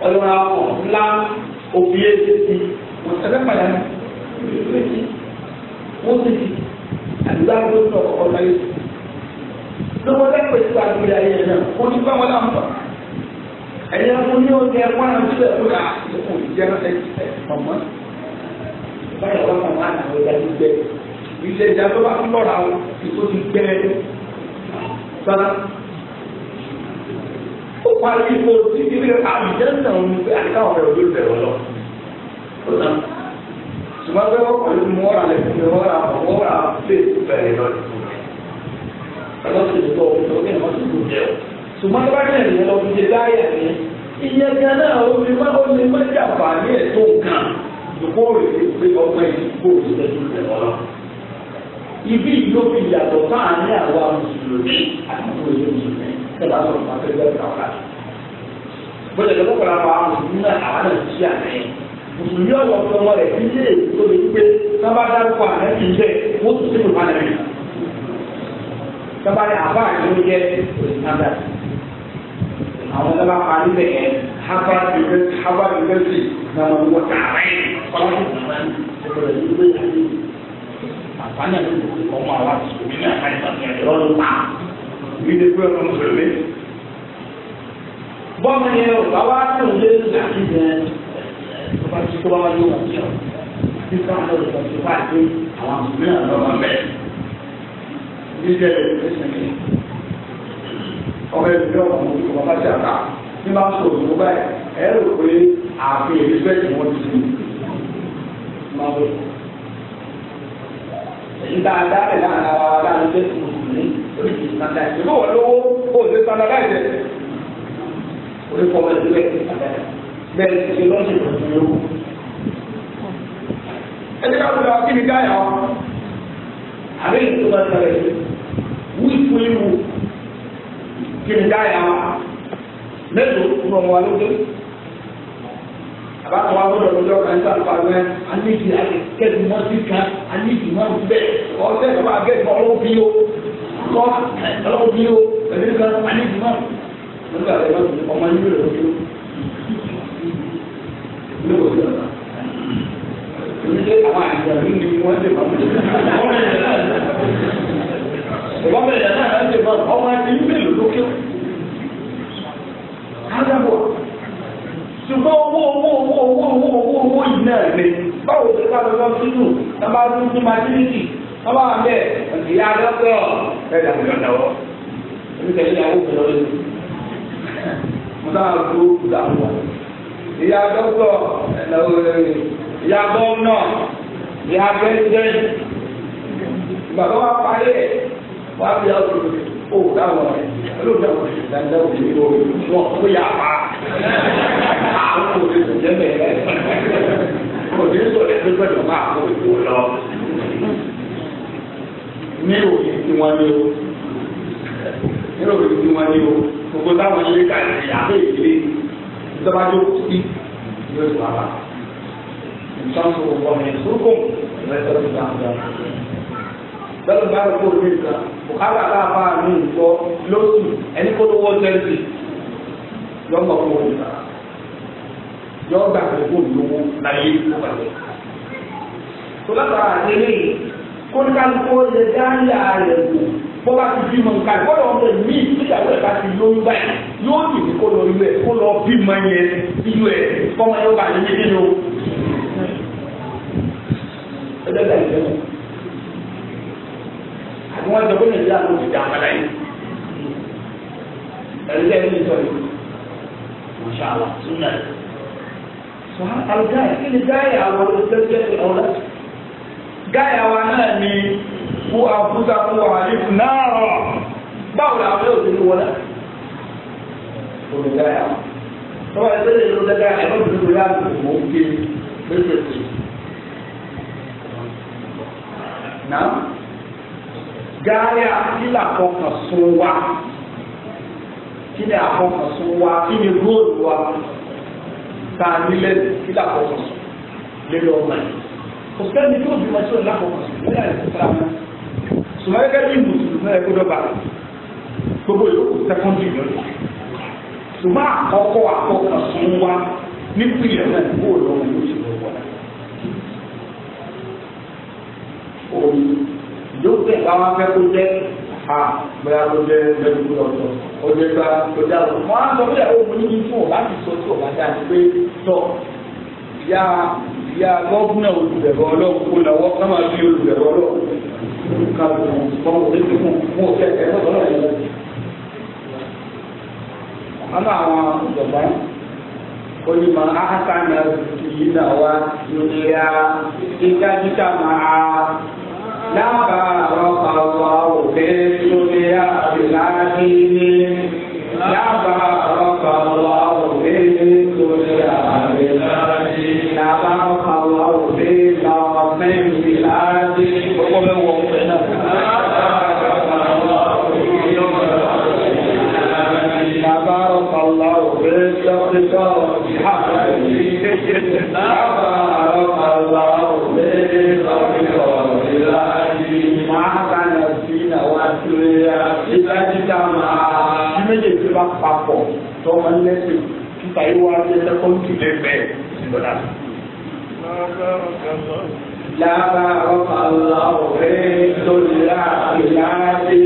Ọlọ́run àwọn ńlá òbí ẹ̀jẹ̀ ti wọ́n ṣẹlẹ̀ padà ní ìlú ẹ̀jẹ̀. Wọ́n ti di àdúrà ló ń lọ ọ̀pọ̀ náà yìí. Lọ́wọ́ lẹ́kọ̀ọ́ ìtura ìgbéyàwó yẹn náà, ó ní báwọn láǹfà ẹ̀yẹ fún ní oúnjẹ ẹ̀kọ́ náà ti sẹ́kù rà ìkù ìjẹ́ náà ti sẹ́ mọ̀mọ́. báyọ̀ wá àwọn ìjà ti gbẹ ìṣe ìjà tó bá ń lọ́ra o ìtò ti gbẹ sára. ó parí ipò tí ibi àbíjẹ́ náà ń gbé àdìká ọ̀rẹ́ òjò bẹ̀rẹ̀ lọ. ó ṣùgbọ́n pé wọ́n kàn ní mọ́ra lẹ̀ fún mi mọ́ra mọ́ra fèsì bẹ̀rẹ̀ lọ ṣùgbọ́n tó bá kàn yẹn lọ fi láyà ní ìyẹn gan náà ó lè má ó lè má jàpá ní ẹ̀tọ́ nǹkan ìdókòwò rẹ̀ pé ọgbọ́n ìdíkò ìṣẹ́jú rẹ̀ lọ́wọ́ ibi yóò fi yàtọ̀ sáàárín àwa mùsùlùmí àti mùsùlùmí mùsùlùmí kẹlẹ́ àwọn ọ̀sán fẹ́ bẹ́ẹ̀ kà wá. bọ́dẹ̀ tó kọ́kọ́ làwọn àwọn mùsùlùmí náà àwọn náà ti àná yẹn. mùsùlùmí ọ̀wọ́ fún ọmọ rẹ̀ bí ilé tó lè gbé sábà dárúkọ àná ti bẹ̀ wọ́n tún sí ìlú pàdánù. sábà ní àbá àti oúnjẹ òsì náà dà sí àwọn tó bá pa níbẹ̀ yẹn harvard university harvard university náà wọn wọ tààrà yìí kọ́lá tó bá ń bẹ̀rẹ̀ nígbà yẹn. àbáyà ló ń kọ́ ọmọ àwọn àtúntò mi náà káyọ̀ àti ẹ̀rọ ló pa mí lè gbé ọmọ mùsùlùmí. bọ́ọ̀mù yẹn o bàbá tó ń lé láti yẹn tó bá ti tó bá wà yóò wà jẹ́ o bí sáà lọ́dọ̀ tó ti bá a dé àwọn àtúntò mi náà lọ́wọ́ bẹ́ẹ̀ ọmọ ẹbí ní ọmọ ọmọ ọmọ bá ti àká bí máa sọ òṣùwò báyìí ẹ rò pé ààfin elizabeth wọn ti sìn máa bọ. èyí tá a dábẹ̀ láàrin ara wa láàrin jẹ́ mùsùlùmí oríṣi standard ìbò wọn lówó kó o ṣe standard láì tẹ̀lé orí fọwọ́ ẹgbẹ́ bẹ́ẹ̀ ti ṣe lọ́sìn ìròyìn yòówù. ẹni ká wúlò kí ni káyà wọn àbí ìtura ìtura yìí wíwú ìwú kí ni dáyà wa mélòó nù ọmọ wa ló dé àbátọ wa gbọ́dọ̀ lọ́jọ́ kan nígbà tó àgbẹ anídìí akẹkẹdì mọsí kan anídìí mọ bẹ ọbẹ tó bá gẹ kọ ọlọ́pì o kọ ọlọ́pì o ẹbí kan anídìí mọ nígbà tó ọmọ yìí lọ sí o ní kò sí ọ̀la oníṣẹ́ àwọn àjàdùn ni wọ́n ti bá wọn ìwọ́n bẹ̀rẹ̀ náà láti mọ ọmọ ẹni mélòó ló kéwọ́. Ádámọ̀ ṣùgbọ́n owó owó owó owó owó owó owó yìí náà lè báwo ṣe ká lọ sínú tábà tún tún máa dín nìyí tábà wà bẹ́ẹ̀ ìyá adájọ́ ẹ̀dá mi lọ́dà wọ́ oníkẹ́ ìyàwó mi lọ́dọ̀ yìí mo náà lu ìdààmú ìyá adájọ́ ẹ̀dá ìyá gọ́ọ̀nà ìyá pẹ́sidẹ́ntì bàbá wa parí ẹ̀ wàá bí yàgò lóde o dáwọn ẹ ló dáwọn ẹ dáńdá o lè lò wọn kó yà pa àwọn kò lè sọ jẹmẹ ẹ kò lè sọ ẹ lọgbẹ lọ máa kó ìwọ lọ ní òye tí wọn ní o ní òye tí wọn ní o gbogbo táwọn ilé kàlẹ́ àbẹ́ ìdílé ìjọba tó kù sí yóò tó wà bá ìtàn tó wọ ọmọ ìsúkùn ìrẹsẹ̀ tó dáa dáa. Bẹ́ẹ̀ bá rẹ̀ kó o ní ìta bùkátà tá a bá a ní ìgbọ́ lóṣù ẹni kó lówó tẹ́ǹtì yọ̀ọ̀gbà fún òun ta yọ̀ọ̀gbà fún òun lówó láyé lọ́gbà rẹ̀. tó látara àdéhùn kóníkàlùkò lè dá ilé ààrẹ wò bó bá ti bímọ nǹkan ìkọlọ ọmọ mi níyàwó ẹ bá ti lóyún báyìí yóò dì ní kó lọ ilé kó lọ bímọ yẹn inú ẹ fọmọ yóò bá yẹn nínú. ẹ dẹ́gbẹ̀ẹ́ ìfẹ́ wọn wọ́n jọ pé nàìjíríà ló ti dá abala yìí ẹ̀rí lẹ́yìn ní sọ yìí masha allah sunna yìí sọ ha alugaya kí ni gaya àwọn olùdókòwò ti ọ̀la gaya wa náà ni kú àfúsà fún wàhálì náà báwo la àwọn yóò ti wọ́n náà olùgaya tọ́wọ́ ẹgbẹ́ lè lọ́dọ̀ gaya ẹ̀rọ ìdúró yára kò mọ̀ ó gbé lóṣèlú náà gáyà kílà kọkàn sún wa kílà kọkàn sún wa kí ni góòlù wa tá a nílẹ̀ kílà kọkàn sún lé lọ́mọ yìí kò sẹ́ni tó bí wọn tí wọn lákọ̀ọ́kọ́ sùn nílẹ̀ àti sísá wọn sùn wọn gẹ́gẹ́ bí mùsùlùmí náà ẹ̀kọ́ dọ́gba gbogbo yòókù sẹ́kọ́ndì lọ́dọ̀ ṣùgbọ́n àkọ́kọ́ àkọ́kọ́ sùn wa nípìnlẹ̀ náà kó o lọ́wọ́ ló ti lọ́wọ́ jókè làwọn akẹ́kọ̀ọ́ jẹ́ à bẹ́ẹ̀ ló jẹ́ lẹ́nu lọ́tọ̀ ó jẹ́ ká ó jẹ́ àlọ́ mọ́ á sọ bẹ́ẹ̀ ó mú níbi fún ya lábàárọ̀ bá. lẹ́sìn títa yìí wá jẹ́ sẹ́kọ́ńtì lẹ́gbẹ̀ẹ́ ìgbọ̀dá. lábàá ọkọ̀ àwọn ọ̀rẹ́ tó lè ra láti.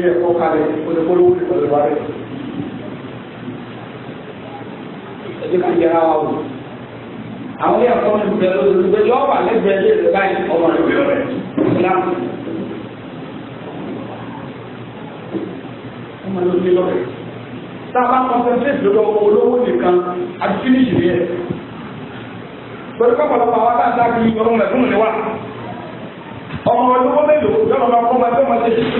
gbé ẹ̀kọ́ kalẹ̀ olùkólówó ní pẹ̀lú wa rẹ̀. ẹ jẹ́ ká yẹra wa àwọn yẹn kọ́ ní bẹ̀rẹ̀ lóṣù pé yọ wà lẹ́gbẹ̀ẹ́ lé rẹ̀ báyìí ọmọ rẹ̀ bẹ̀rẹ̀ rẹ̀ ọmọ ló ní lọ́rẹ̀. tá a bá concentrate olówó nìkan àti finish rẹ̀ torí kọ́pọ̀lọpọ̀ àwọn tá a ta kí ọlọ́run rẹ̀ mi wá. ọmọ olówó mélòó yọ̀ọ̀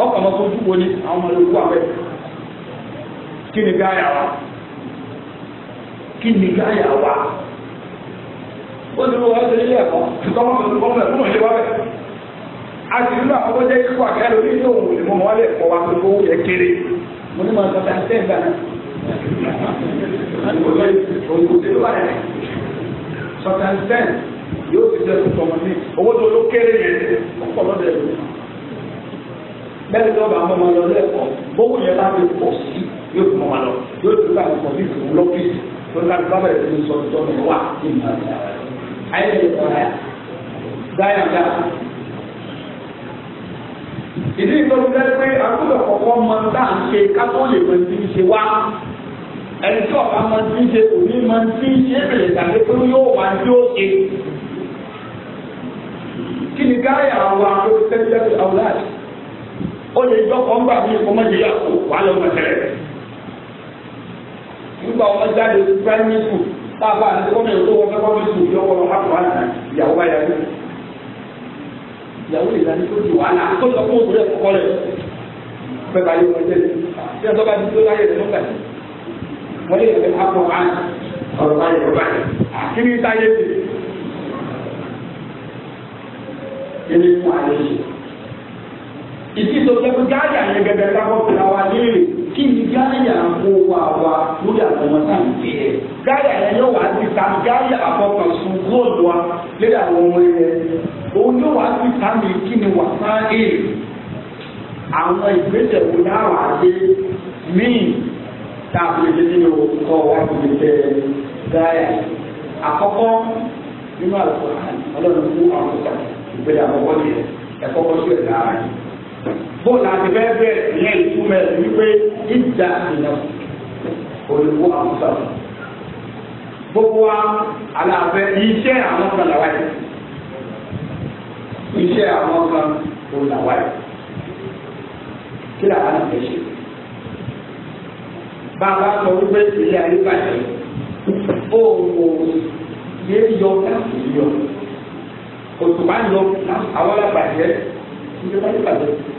ọkọ̀ ọmọ fojú wo ni àwọn ọmọ yòókù wà bẹ́ẹ̀ kí ni gáyà wa kí ni gáyà wa ó ti wọ́n ṣe ilé ẹ̀kọ́ ìtọ́wọ́n tó kọ́ mọ̀ fún ìṣẹ́wá bẹ́ẹ̀ a sì nínú àkọ́kọ́ jẹ́ kíkọ́ àkẹ́rẹ́ orí ní òun ìmọ̀ wọn lè kọ́ wa tó kó yẹ kéré mo ní ma sọ fẹ́ àti ẹ̀gbà náà sọ̀tàn sẹ́ǹ yóò ti jẹ́ tuntun ọmọ owó tó ló kéré yẹn ọ̀pọ̀lọpọ̀ bẹ́ẹ̀ tó bá mọ́ lọ lẹ́kọ̀ọ́ bówó yẹn bá ti pọ̀ sí yóò fi mọ́ lọ yóò ti bá ìfọ̀ bí ìfọ̀ lọ́fíìsì tó ń kájú bábà ìfọ̀ sọ ìjọ mi wà ní ìmọ̀lẹ́ ayé lè kọ́ ẹ̀ dáyà dá. ìdí ìtọ́jú jẹ́ pé àkójọ kọ̀ọ̀kan mọ tá à ń ṣe kátó lè mọ ti ń ṣe wá ẹni tí ọ̀gá mọ ti ń ṣe òní mọ ti ń ṣe èbèrè tàbí pé yóò wá ní ó kí ni gáyà wa ló ti tẹ́lẹ̀ àwọn láti ó lè dọ́kọ̀ ńgbà mí kó má jẹ́yà kó wà lọ́ mọ̀ tẹ́lẹ̀ rẹ̀. nígbà wọn jáde primary school táàbà àti gómìnà tó wọ́n fẹ́ kọ́ mi sùn yọ̀wọ́ lọ́ hàpọ̀ àná ìyàwó bá yàrá ìyàwó ìlànà tó di wàhálà tó sọ fún òkúrẹ́ kọ́kọ́ rẹ̀ bẹ́ẹ̀ bá yẹ wọ́n tẹ́lẹ̀ tí a sọ́ba ti tó láyé rẹ̀ lọ́gbà yìí wọ́n lè fẹ́ hàpọ̀ àná ọ̀rọ̀ báyìí ọ̀rọ̀ báyìí àkíní táyé ti. Ele faz isso ìdí tó jẹ́ pé gáàyà yẹn gẹ́gẹ́ káwọ́ fìlà wa léèrè kí ni gáàyà ń kó wa wa lórí àwọn ọmọ tá à ń gbé ẹ gáàyà yẹn yóò wá ti ta gáàyà àfọkàn sùn góòlù wa lórí àwọn ọmọ yẹn òun yóò wá ti ta mi kí ni wà sá èrè àwọn ìgbésẹ̀ wo ni àwọn àgbé míì tá a fi lè nínú kọ́ wa ti tẹ gáàyà àkọ́kọ́ nínú àlùkò àlùkò ọlọ́run fún àwọn ọ̀sán ìgbéyàwó wọ́n yẹ sí ẹ̀ láàárín bóòlù àti bẹ́ẹ̀ bẹ́ẹ̀ ìyẹn ìtumọ̀ ẹ̀ wípé ìjà ìyàn olùkọ́ àwọn sọ̀rọ̀ gbogbo wa alábẹ́ iṣẹ́ àwọn kan làwa yìí iṣẹ́ àwọn kan kò làwa yìí kí làwa náà fẹ́ ṣe bàbá sọ wípé ilé ayé bàjẹ́ ó wò yé yọ láti yọ òtún bá yọ àwọn alábàjẹ́ ìjọba yóò bàjẹ́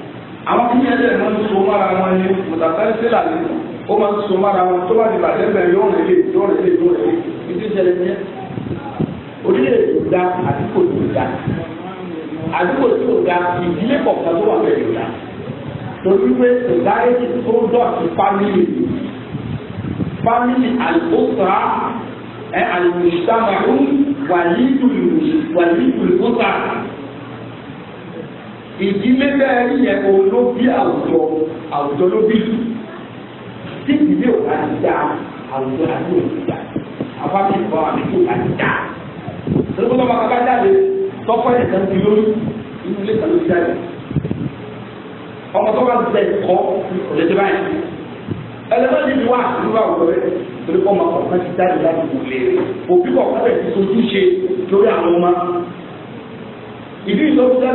àwọn kí yẹn lẹ́yìn máa ń so mára wọn ni mùtàkàrí sílà ni ó máa ń so mára wọn tó bá di bàjẹ́ bẹ̀rẹ̀ yóò rìn lé yóò rìn lé yóò rìn lé ìdí ìṣẹ̀lẹ̀ ní ẹ̀ orílẹ̀ èdè ò da àdúgbò tó da àdúgbò tí ò da ìdílé kọ̀ọ̀kan tó wà bẹ̀rẹ̀ ò da torí pé ìdáréjì tó dọ̀tí fámìlì fámìlì àlùkòsà ẹ àlùmùsàmàrún wàlídùlùmùsà ìdílé bẹ́ẹ̀ rí yẹn òun ló bí àwùjọ àwùjọ ló bí lù tí ìdílé ò bá ti dá àwùjọ àti òkúta àbáfi ìfọ àbíkú àti dá lọ́gbọ́n tó bá bá jáde tọ́pọ̀ ẹ̀ kan ti lórí inú ilé kan ló ti jáde ọmọ tó bá gbẹ kọ́ ọ̀dẹ̀dẹ̀ báyìí ẹlẹ́mọ̀dé ni wà á àwùjọ rẹ̀ torí ọmọ kọ̀ọ̀kan ti jáde láti wù lé òbí kọ̀ọ̀kan rẹ̀ ti sojú ṣe lórí àwọn ọmọ ìdí ìsọfúnjẹ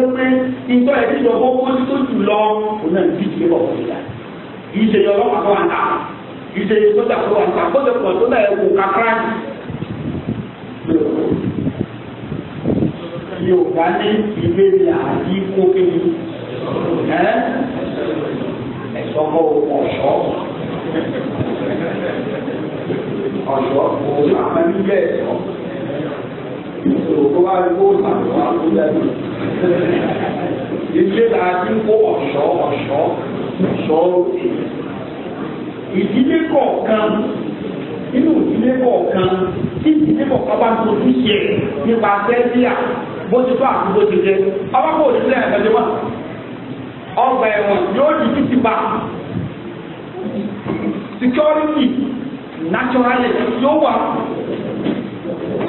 ìtọ́ ẹ̀ tíjọ kó kó tó jù lọ òun náà ti ti bọ̀ wọlé la kì í ṣe yọ ọlọ́pàá tó wà ń ta pọ̀ tó lẹ̀ wò kakra ni o ga ní ìwé ni àti kó kéwì ẹ ẹ̀sọ́ kọ́ ọ̀ṣọ́ ọ̀ṣọ́ òun àmọ́ níbẹ̀ ẹ̀sọ́ tó bá rí kó sàn wá kó jáde. Ilé la ti kó ọ̀ṣọ́ ọ̀ṣọ́ ọ̀ṣọ́ òkè. Ìdílé kọ̀ọ̀kan nínú ìdílé kọ̀ọ̀kan tí ìdílé kọ̀ọ̀kan bá tó tún ṣe nípa sẹ́ńtíà bó ti tó àti ti jẹ. Ọba kò ní sílẹ̀ ẹ̀fẹ́ wa. Ọgbà ẹ̀wọ̀n yóò di títí pa. Security naturally yóò wà.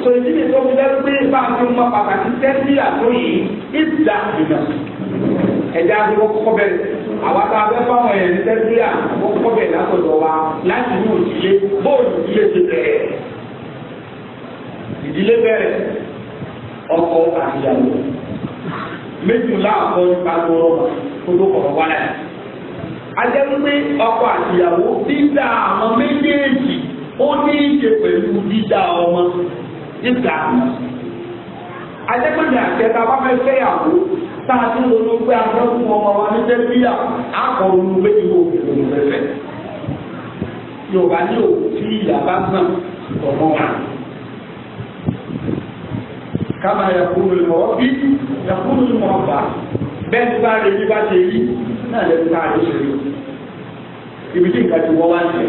So èyí ni tó fi lẹ́ pé bá a fi mọ pàtàkì tẹ́sílà tó yìí ìdá ìdá ẹ̀dá tó kọ́kọ́ bẹ̀rẹ̀ àwa tá a fẹ́ fáwọn ẹ̀yẹ ní tẹ́sílà tó kọ́kọ́ bẹ̀rẹ̀ látọ̀dọ̀ wa láti inú ìdílé bóòlù ìdílé ti bẹ̀rẹ̀ ìdílé bẹ̀rẹ̀ ọkọ àtìyàwó méjìlá àkọ́ nípa tó rọ̀ tó tó kọ̀ọ̀ wálẹ̀ ajẹ́pẹ́ ọkọ àtìyàwó dídá àwọn méjèèjì ó ní í ṣe pẹ̀lú dídá ọmọ níta adékòjà kẹta bá fẹ́ fẹ́yàwó tá a ti ronú pé abẹ́ fún ọmọ wa ní tẹ́lifíà á kọ̀ ronú pé ìwọ òkèèrè fẹ́fẹ́ yorùbá ní òfin ìyá bá sàn ọmọ wa kama yakuru lọ bí yakuru lọ ọba bẹ́ẹ̀ tí bá rẹ bí bá ṣe rí náà lẹbi ká ló ṣe rí ibi tí nǹkan ti wọ wá ń tẹ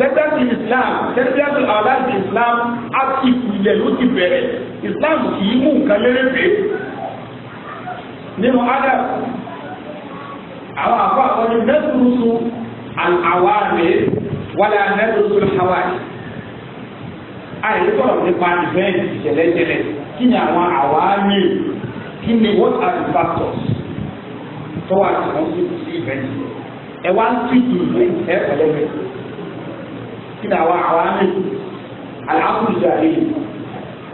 tẹ́tẹ́tì islam tẹ́tẹ́tì aláàjì islam á ti ilẹ̀ ló ti bẹ̀rẹ̀ islam kì í mú nǹkan lérè pé nínú ádà àwọn àfọ àkọ́ni nẹ́tùrúsù àwa rẹ̀ wàlẹ̀ nẹ́tùrúsù hawaii àyè sọ̀rọ̀ nípa ìfẹ́ ìṣẹ̀lẹ̀ṣẹlẹ̀ kí ni àwọn àwa ní kí ni what are the factors tó wà tí wọ́n fi sí ìfẹ́ ẹ wá ń tìjú ìfẹ́ ẹ pẹ̀lẹ́pẹ̀lẹ́ kí ni àwọn àwọn àmì àlàkùn ìjà yìí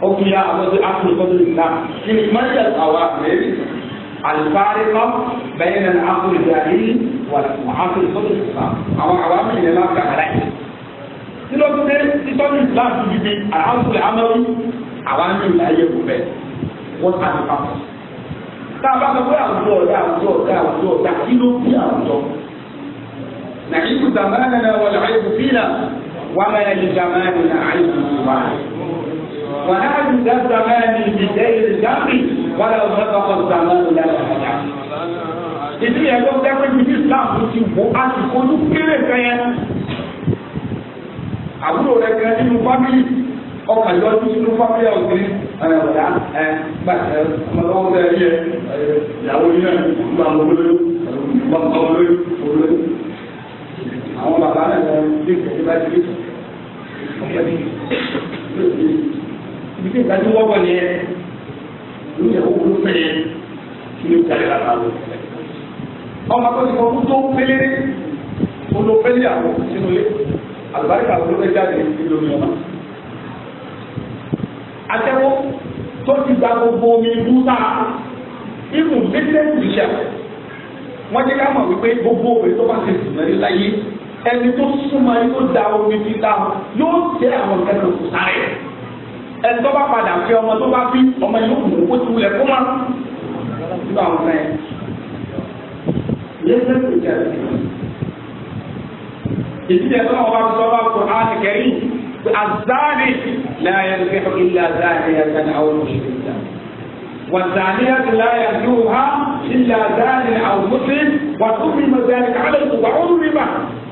ó kí ya àwọn tó àkùn ìkọ́tù ìlà kí ni mọ́jà àwọn àmì alifárikọ́ bẹ́ẹ̀ ni àkùn ìjà yìí wà àkùn ìkọ́tù ìlà àwọn àwọn àmì ìyẹn máa ń kàkàrà yìí. kí ló dé ìtọ́jú ìlà tuntun bíi àlàkùn àmọ́rí àwọn àmì ìlà yẹ kù bẹ́ẹ̀ wọ́n á ti pàpọ̀. tá a bá sọ pé àwùjọ ọ̀dà àwùjọ ọ̀dà àwùjọ ọ̀dà kí ló bí àwùjọ? nàìjíríà ومن الزمان العين الواحد ونحن ذا الزمان بغير الجمع ولا سبق الزمان لنا هداه ìdí yẹn ló dẹ́ pé bíbí islam ti wò á ti fojú kéré fẹ́yẹ́ àbúrò rẹ̀ kẹ́ nínú fámìlì ọkà yọ ọdún sínú fámìlì ọ̀gbìn ọ̀dà ẹ̀ gbà ẹ̀ ọmọdéwọ́n bẹ́ẹ̀ yẹ ìyàwó yẹn nígbà wọlé wọlé wọlé àwọn bàbá rẹ̀ ní ìgbẹ́jẹ́ bá ti rí ibi ìgbàdí wọ́n wọ̀ yẹn ní ìyàwó olú fẹ́yẹ kí ló jáde lára wọn. ọmọ akọ́ni kan kú tó pélére olópélé àwọn sínú ilé àlùbáríkà olópélé jáde nínú omi ọmọ. atẹ́wọ́ tó ti gba gbogbo omi ìlú náà ìmùlẹ́sẹ̀ wọ́n jẹ́ ká mọ̀ wípé gbogbo òwe tó bá ti sùn lẹ́yìn láyé ẹni tó súnmọ́ ẹni tó da omi títa yóò jẹ́ àwọn kẹ́kẹ́ tó sáré ẹni tó bá padà fi ọmọ tó bá fi ọmọ yóò mú kó tu lẹ̀ kó má nínú àwọn fẹ́ lẹ́sẹ̀ tó jẹ́ ìdílé tó wọn bá sọ wá kó á ti kẹ́rì láyé ní kí ilé azaani yẹn kan àwọn òṣèlú ìjà والزانية لا يرجوها إلا زان أو مسلم وحرم ذلك عليه وعرم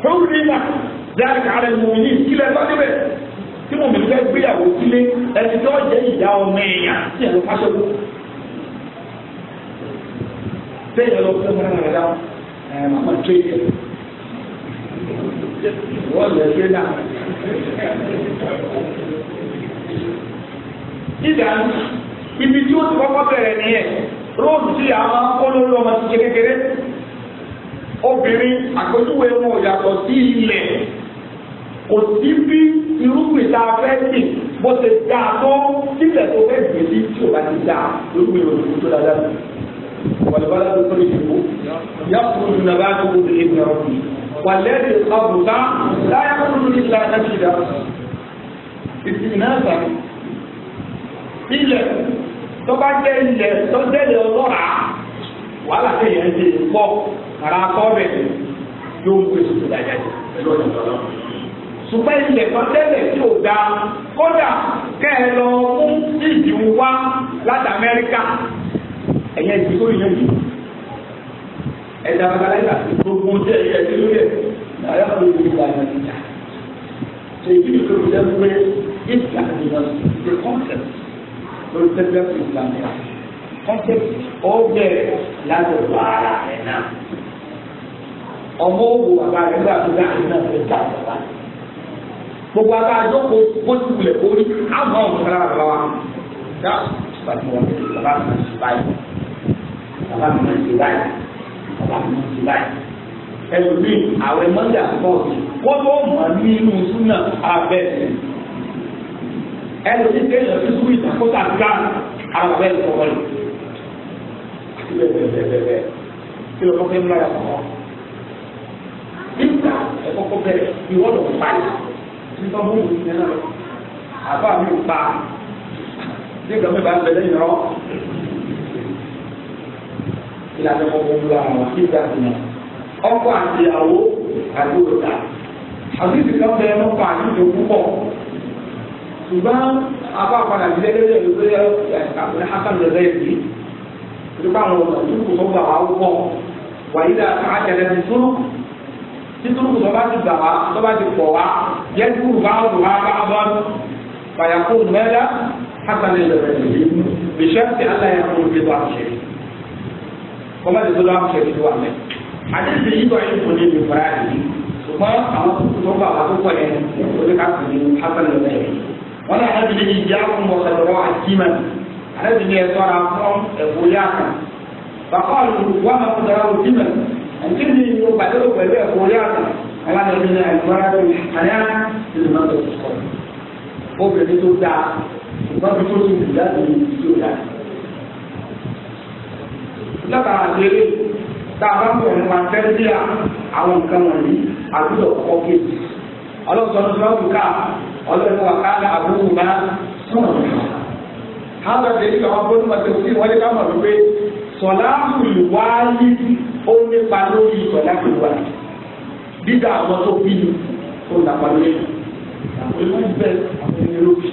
hurrima dhalika ala al-mu'minin kílẹ̀ tó débẹ̀ tí mo mìíràn fẹ́ gbéyàwó sílé ẹni tó jẹ́ ìyá ọmọ èèyàn tí ẹ̀ ló fáṣọ wò. sẹ́yìn lọ fún ọmọ rẹ̀ dáhùn ẹ̀ màmá tó yẹ wọ́n lè gbé náà. Ìdá ibi tí ó ti kọ́kọ́ bẹ̀rẹ̀ nìyẹn róòlù tí àwọn akọ́lórí ọmọ ti kékeré obìnrin àpèjúwe wọn ò yàtọ̀ sí ilẹ̀ kò sí bí irúgbìn tá a fẹ́ sè bó ṣe dá a tó sílẹ̀ tó fẹ́ gbé sí tí o bá ti dá irúgbìn òṣèlú tó dáadáa lọ. wàlúwàlá tó tó lè dìbò yàtúrò nínú abá tó kó lè gbà ọ́ wàlẹ́ẹ̀dì àbùdá láyà kúrò ní ìlà nàìjíríà ìsinmi náà sàrò ilẹ̀ tó bá jẹ́ ilẹ̀ tó jẹ́ ilẹ̀ ọlọ́ra wàhálà tó yẹn ti pọ̀ ara akọ́ bẹ̀ yóò gbé sùkúrú dájá jẹ pẹ̀lú ọ̀nà ìgbàlọ́. ṣùgbọ́n ilẹ̀ kan tẹ́lẹ̀ tí ò da kódà kẹ́ ẹ lọ mú ìjù wá láti Amẹ́ríkà ẹ̀yẹ ìjì tó yẹ jù ẹ̀dá babalẹ́ta gbogbo jẹ́ ẹ̀yẹ tí ló yẹ ẹ̀yà tó yẹ ìgbà yẹn ti jà. ṣe ìbílẹ̀ tó yẹ pé ìgbà yẹn ti concept lórí tẹ́lẹ̀ tó ìgbà yẹn concept ó ẹ̀ náà ọmọ òwò bàbá rẹ gbà tó dáa náà fẹ́ dá bàbá gbogbo àbá àjọpọ̀ bójú kulẹ̀ orí àmọ́ ọ̀hún sára bàbá wa dá bàbá wa bàbá mi máa ń ṣe báyìí bàbá mi máa ń ṣe báyìí bàbá mi máa ń ṣe báyìí ẹlòmíì àwẹ mọ́ndé àkọ́ọ̀tì wọ́n bọ́ mọ́ ní inú súnà abẹ́ ẹlòmíì kéèyàn fi sùn ìtàkùtà gá abẹ́ ìfọwọ́lù bẹ́ẹ̀ bẹ́ẹ̀ bẹ́ẹ̀ bẹ́ẹ̀ kí ló fọ́ fẹ́ mú lára kọ́ nígbà ẹ̀kọ́kọ́ bẹ̀rẹ̀ ìwọ́dọ̀ báyìí nípa mú òun yẹn náà àbá mi ò pa nígbà mi bá ń bẹ̀rẹ̀ yìí rọ. ìlànà ọkọ̀ wúlò àwọn nígbà tí wọn ọkọ̀ àti ìyàwó àti òòtà àti ìsìnkà bẹ̀rẹ̀ mọ́ pa àti ìdòkú pọ̀ ṣùgbọ́n àbá padà ti lẹ́gbẹ̀rẹ̀ lórí àwọn akẹ́kọ̀ọ́ lẹ́gbẹ̀rẹ̀ yìí nípa àwọn ọ̀nà tó kù tó wàyí títúrú tó bá ti gbà wá tó bá ti pọ̀ wá yẹ kí wù bá wù wá bá bá fàyàkó mẹ́lá hasan ìlẹ̀rẹ̀ yìí bìṣẹ́ ti aláya kó o ti tó àṣẹ kọ́mọ́ ti tó lọ́ àṣẹ ti tó àmẹ́ àdéhùn yìí bá yìí kò ní ìlú fara yìí ṣùgbọ́n àwọn tó bá wà tó pọ̀ yẹn kò ní ká kùn ní hasan ìlẹ̀rẹ̀ yìí wọn náà ẹbí ní ìjà fún mọ̀sálọ́wọ́ àkímẹ́ ẹbí ní ẹ̀tọ́ ra fún ẹ̀fọ́ yá kan bàkọ́ àlùkò wọn náà kó kí ni mo pàdé pẹ̀lú ẹ̀kọ́ orí àgbà alágbègbè náà ìgbára lórí àyà ìlú náà ya sọ. obìnrin tó dáa ìgbà tó tó tóbi láti ní ìdí òdà. látara àgbèrè tá a bá mọ̀ nípa fẹ́ńdíà àwọn nǹkan wọ̀nyí àbúrò kọ́ kéjì. ọlọ́sọ̀rọ̀ sọ́ọ̀bù ká ọlọ́run wà ká àbúrò bá sọ̀rọ̀ nípa. hálà tẹ̀lé ó nípa lórí ìkọ̀lá gbogbo àti dídá àwọn tó bí ni ó nàpa lórí ẹ̀ àwọn ìlú bẹ́ẹ̀ àwọn ènìyàn ló bí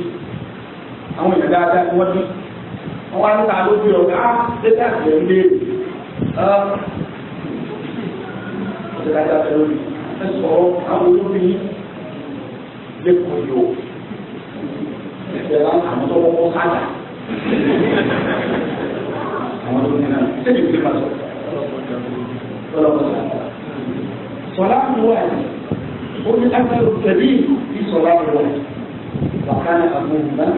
àwọn èèyàn dáadáa ni wọ́n bí wọ́n wá níta ló bí ọ̀gá lẹ́tà ah, ìyẹn lé ọ̀sẹ̀ dáadáa fẹ́ lórí ẹ sọ àwọn olórí lẹ́kọ̀ọ́ yìí o ẹ̀fẹ̀ láwọn àwọn tó wọ́pọ̀ sáàdà àwọn tó náà ṣé ìgbésẹ̀ máa sọ. صلاة الوالد قل الأثر الكبير في صلاة الوالد وكان أبوهما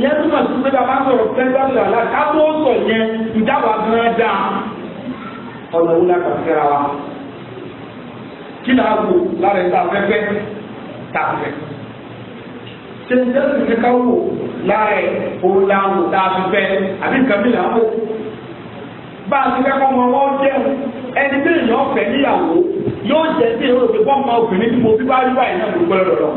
ìyẹn túmọ̀ sí pé bàbá sọ̀rọ̀ pẹ́ńtàlì àlá ká tó sọ yẹn ìdáwàá gan dáa ọ̀nà òun la kàn fẹ́ra wa kí ni a wò lára ìta afẹ́fẹ́ ta fẹ́ ṣèǹtẹ́sì ní ká wò lára òun la wò ta fẹ́ àbí nǹkan mi là ń wò bá a ti fẹ́ kọ́ ọmọ wọn jẹun ẹni tí èèyàn fẹ́ níyàwó yóò jẹ́ sí èrò òfin fún ọmọ obìnrin tí mo fi bá rí báyìí náà lóko lọ́dọ̀ lọ.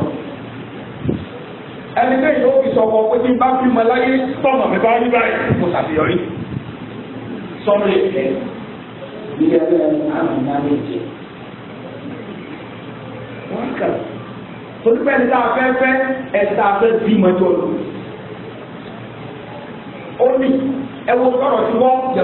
ẹni tí èèyàn fi sọ̀kọ̀ pé tí n bá fi mọ láyé tọ̀nà mi bá rí báyìí mo ṣàfihàn yìí. sọ́nù ìfẹ́ ilé ẹgbẹ́ ẹni àmì náà lè jẹ. wọ́n kà torí pé ẹni tá a fẹ́ bí mọ́jọ́ lọ. ó ní ẹ wo sọ̀rọ̀ tí wọ́n jẹ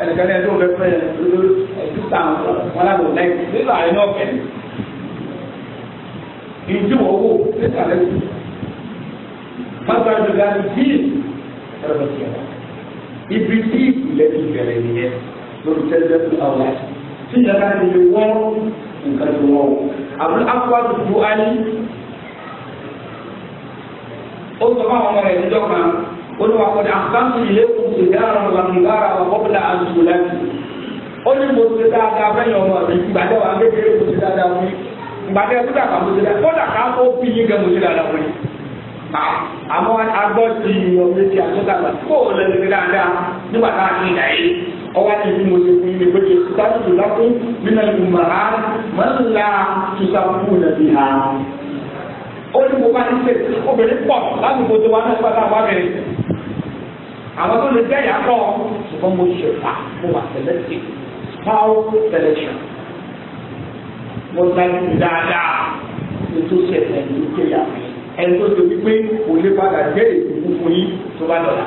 ẹnìkan ní ẹdún bẹ́ẹ̀ fẹ́ ẹdúta wọn lágbo lẹ́yìn nígbà yẹn ní ọ̀kẹ́ ìdí wọ́n wò nígbà lẹ́yìn bàbá ìdúgà ní bíi ẹ̀rọ ti ẹ̀rọ ibi tí ìpìlẹ̀ ti bẹ̀rẹ̀ nìyẹn lórí tẹ́lẹ̀ tó àwọn láti tí ìjọba ti lè wọ́n nǹkan tó wọ́n àbúrò akọ́wàtò tó ayé ó sọ fún àwọn ọmọ rẹ̀ níjọ́ kan. ó ní wàá kọ́ni àkàtúntò ìlẹ́kùn ìdára làmìbára ọ̀pọ̀pọ̀lá àdùsùlẹ́kì ó ní mo ti dáadáa fẹ́yìn ọmọ mi ìgbàdé wa kékeré mo ti dáadáa fún yín fi yín gẹ mo àmọ́ agbọ́ ti ọ̀gbìn ti kó a ti dà yìí ọwọ́ ti fi mo fún yín pé nínú ó ní mo bá àwọn tó lè jẹ́ ìyàpọ̀ ṣùgbọ́n mo ṣe fà mo wà selective powerful selection mo ta ìlú dáadáa ètò ṣẹlẹ̀ ní ìkéyà ẹni tó ṣe wípé kò lè padà jẹ́ ètò fúnfun yín tó bá dọ̀la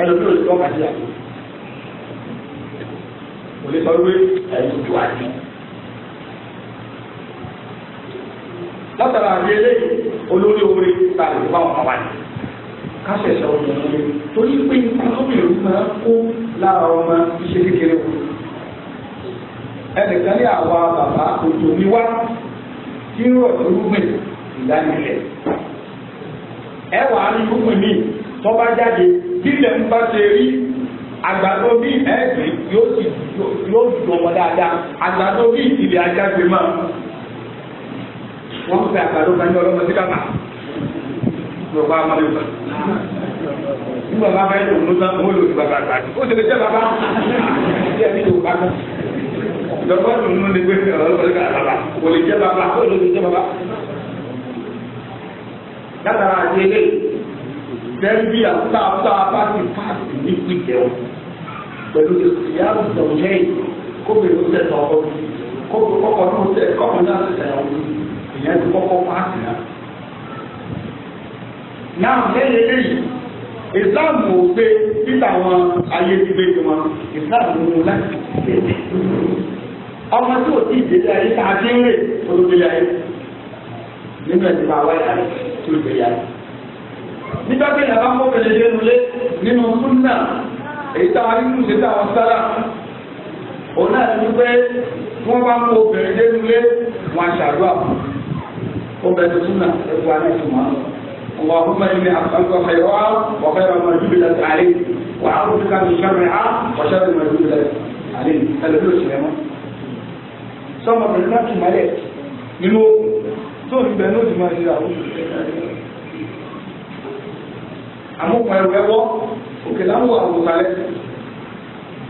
ẹni tó lè tọ́ka sí àgbẹ̀ kò lè sọ wípé ẹni tó wà ní. látara àbí eléyìí olórí oore ta lè fún àwọn ọmọ wa ni káṣẹ̀ṣẹ̀ ọmọ ọmọdé torí pé ọmọbìnrin máa kó lára ọmọ iṣẹ́ kékeré wọn. ẹnìkan ní àwa bàbá òjò mi wá tí ń rọ̀ irúgbìn ìdánilẹ̀. ẹ wà á ní irúgbìn mi tó bá jáde bílẹ̀ ń bá ṣe rí àgbàdo bí ẹ̀gbìn yóò sì yóò dùn ọmọ dáadáa àgbàdo bí ìdílé ajá gbé mọ́. wọ́n fẹ́ àgbàdo kan ní ọlọ́mọdé bàbá ló bá máa yọ. Bí bàbá bá yẹ òun náà òun yóò bàbá àgbà tí. Ó ṣe bàbá. Bí ẹbí yóò bá kàn. Ìjọba tó nínú ni pé ọlọ́dún kà bàbá. Kò lè bàbá. Ó lè jẹ́ bàbá. Dábàá àti ilé tẹ́lifí àtúntà àtúntà apáti páàkì ní pípẹ́ Pẹ̀lú ìyá òṣèlú yẹn kóbìnrin ó tẹ̀ tọ́ ọkọ kókò náà tẹ̀ kọ́kọ́ náà tẹ̀ ọ́ ìyẹn ti kọ́kọ́ páàkì náà náà lẹ́yìn eléyìí ìsìláàmù ò gbé títà wọn ayé ti gbé wọn ìsìláàmù ò láti gbé ọmọ tí ò tí ì délé ayé tá a ti ń rè olùdílé ayé nínú ẹ̀sìn máa wáyé ayé tó ìgbéyà ayé nígbà tí ìyàbá mọ́ bẹ̀rẹ̀ lẹ́nu lé nínú súnà èyí táwọn nínú ṣe táwọn sára o náà ní pé wọ́n bá mọ́ obìnrin lẹ́nu lé wọn aṣàdúrà fún obìnrin súnà ẹ̀kọ́ alẹ́ ìtumọ̀ náà. اللهم اني اسالك خيرها وخير ما جبلت عليه واعوذ بك من شرها وشر ما جبلت عليه هذا كله سليمان sọmọ pẹ̀lú láti malẹ nínú ogun tó ń bẹ ní òdì máa ṣe àwọn àmúpa ẹrù ẹwọ òkè láwọn àwòsàlẹ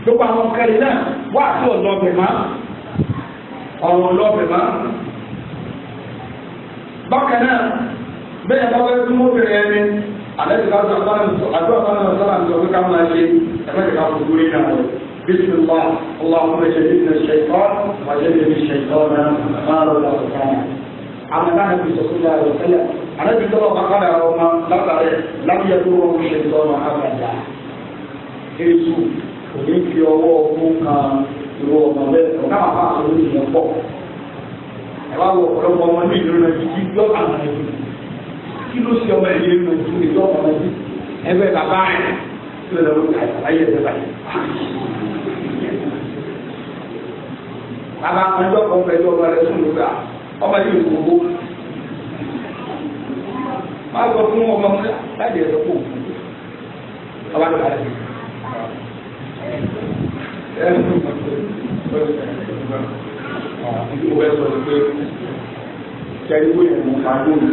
gbogbo àwọn kẹrin náà wà sí ọlọbẹ má ọrùn ọlọbẹ má bákan náà bẹ́ẹ̀ bá wẹ́ tí mo bẹ̀rẹ̀ ẹni àlẹ́sì ká sọ àbára mi sọ àdúrà fáwọn ọ̀sán àmì sọ pé ká máa ṣe ẹ̀fẹ́ ìka gbogbo rí náà lọ بسم الله اللهم جنبنا الشيطان وجنب الشيطان ما لا تطعنا عما كان النبي صلى الله عليه وسلم على الله قال وما لم لم يضره الشيطان ابدا Jésù kò ní fi ọwọ́ ọkùn kan ìwọ ọmọ bẹ́ẹ̀ tó náà bá àwọn ènìyàn ẹ wá wọ ọ̀pọ̀lọpọ̀ ọmọ ní ìlú rẹ̀ títí gbọ́ àwọn ènìyàn kí ló ṣe ọmọ ẹ̀yẹ ló ju ìjọ ọmọ ẹ̀yẹ ẹgbẹ́ bàbá rẹ̀ tí ó lọ́wọ́ ká ìbáyé ẹ̀fẹ́ báyìí. bàbá kan jọ kan pẹ̀lú ọmọ rẹ̀ fún mi ọmọ yìí ló gbogbo. má sọ fún ọmọ mi láti ẹ̀sọ́ kò fún ọba ló bá dé. ẹ ẹ ní ìwé sọ pé sẹ́yìnwó yẹn mú ká lóru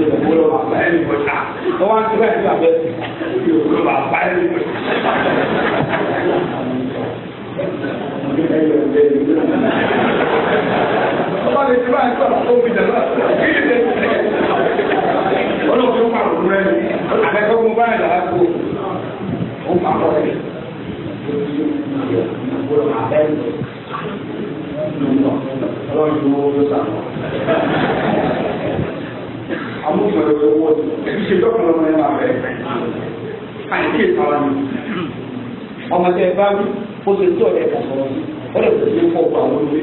yóò wúlò bàbá yẹn ní bọ́tà ó wá ní bẹ́ẹ̀ nígbà bẹ́ẹ̀ yóò wúlò bàbá yẹn ní bọ́tà. Ọba lè ti báyìí sọ̀rọ̀ tó fi dàgbà kí ni tẹ̀sí ẹ̀? Olóòtú ń pa òkú rẹ̀ ní abẹ́kọ̀ọ́ mú báyìí làá kú. Ó pa ọ̀rẹ́. ṣe dọ́kun lọ́mọ yẹn máa fẹ́ àìkí ìtara mi ọmọdé ẹ bá mi ó ṣe tí ọ̀rẹ́ ẹ̀ka sọ̀rọ̀ sí ọ̀rẹ́ kò sí fọ́ ọ̀pọ̀ àwọn olóyè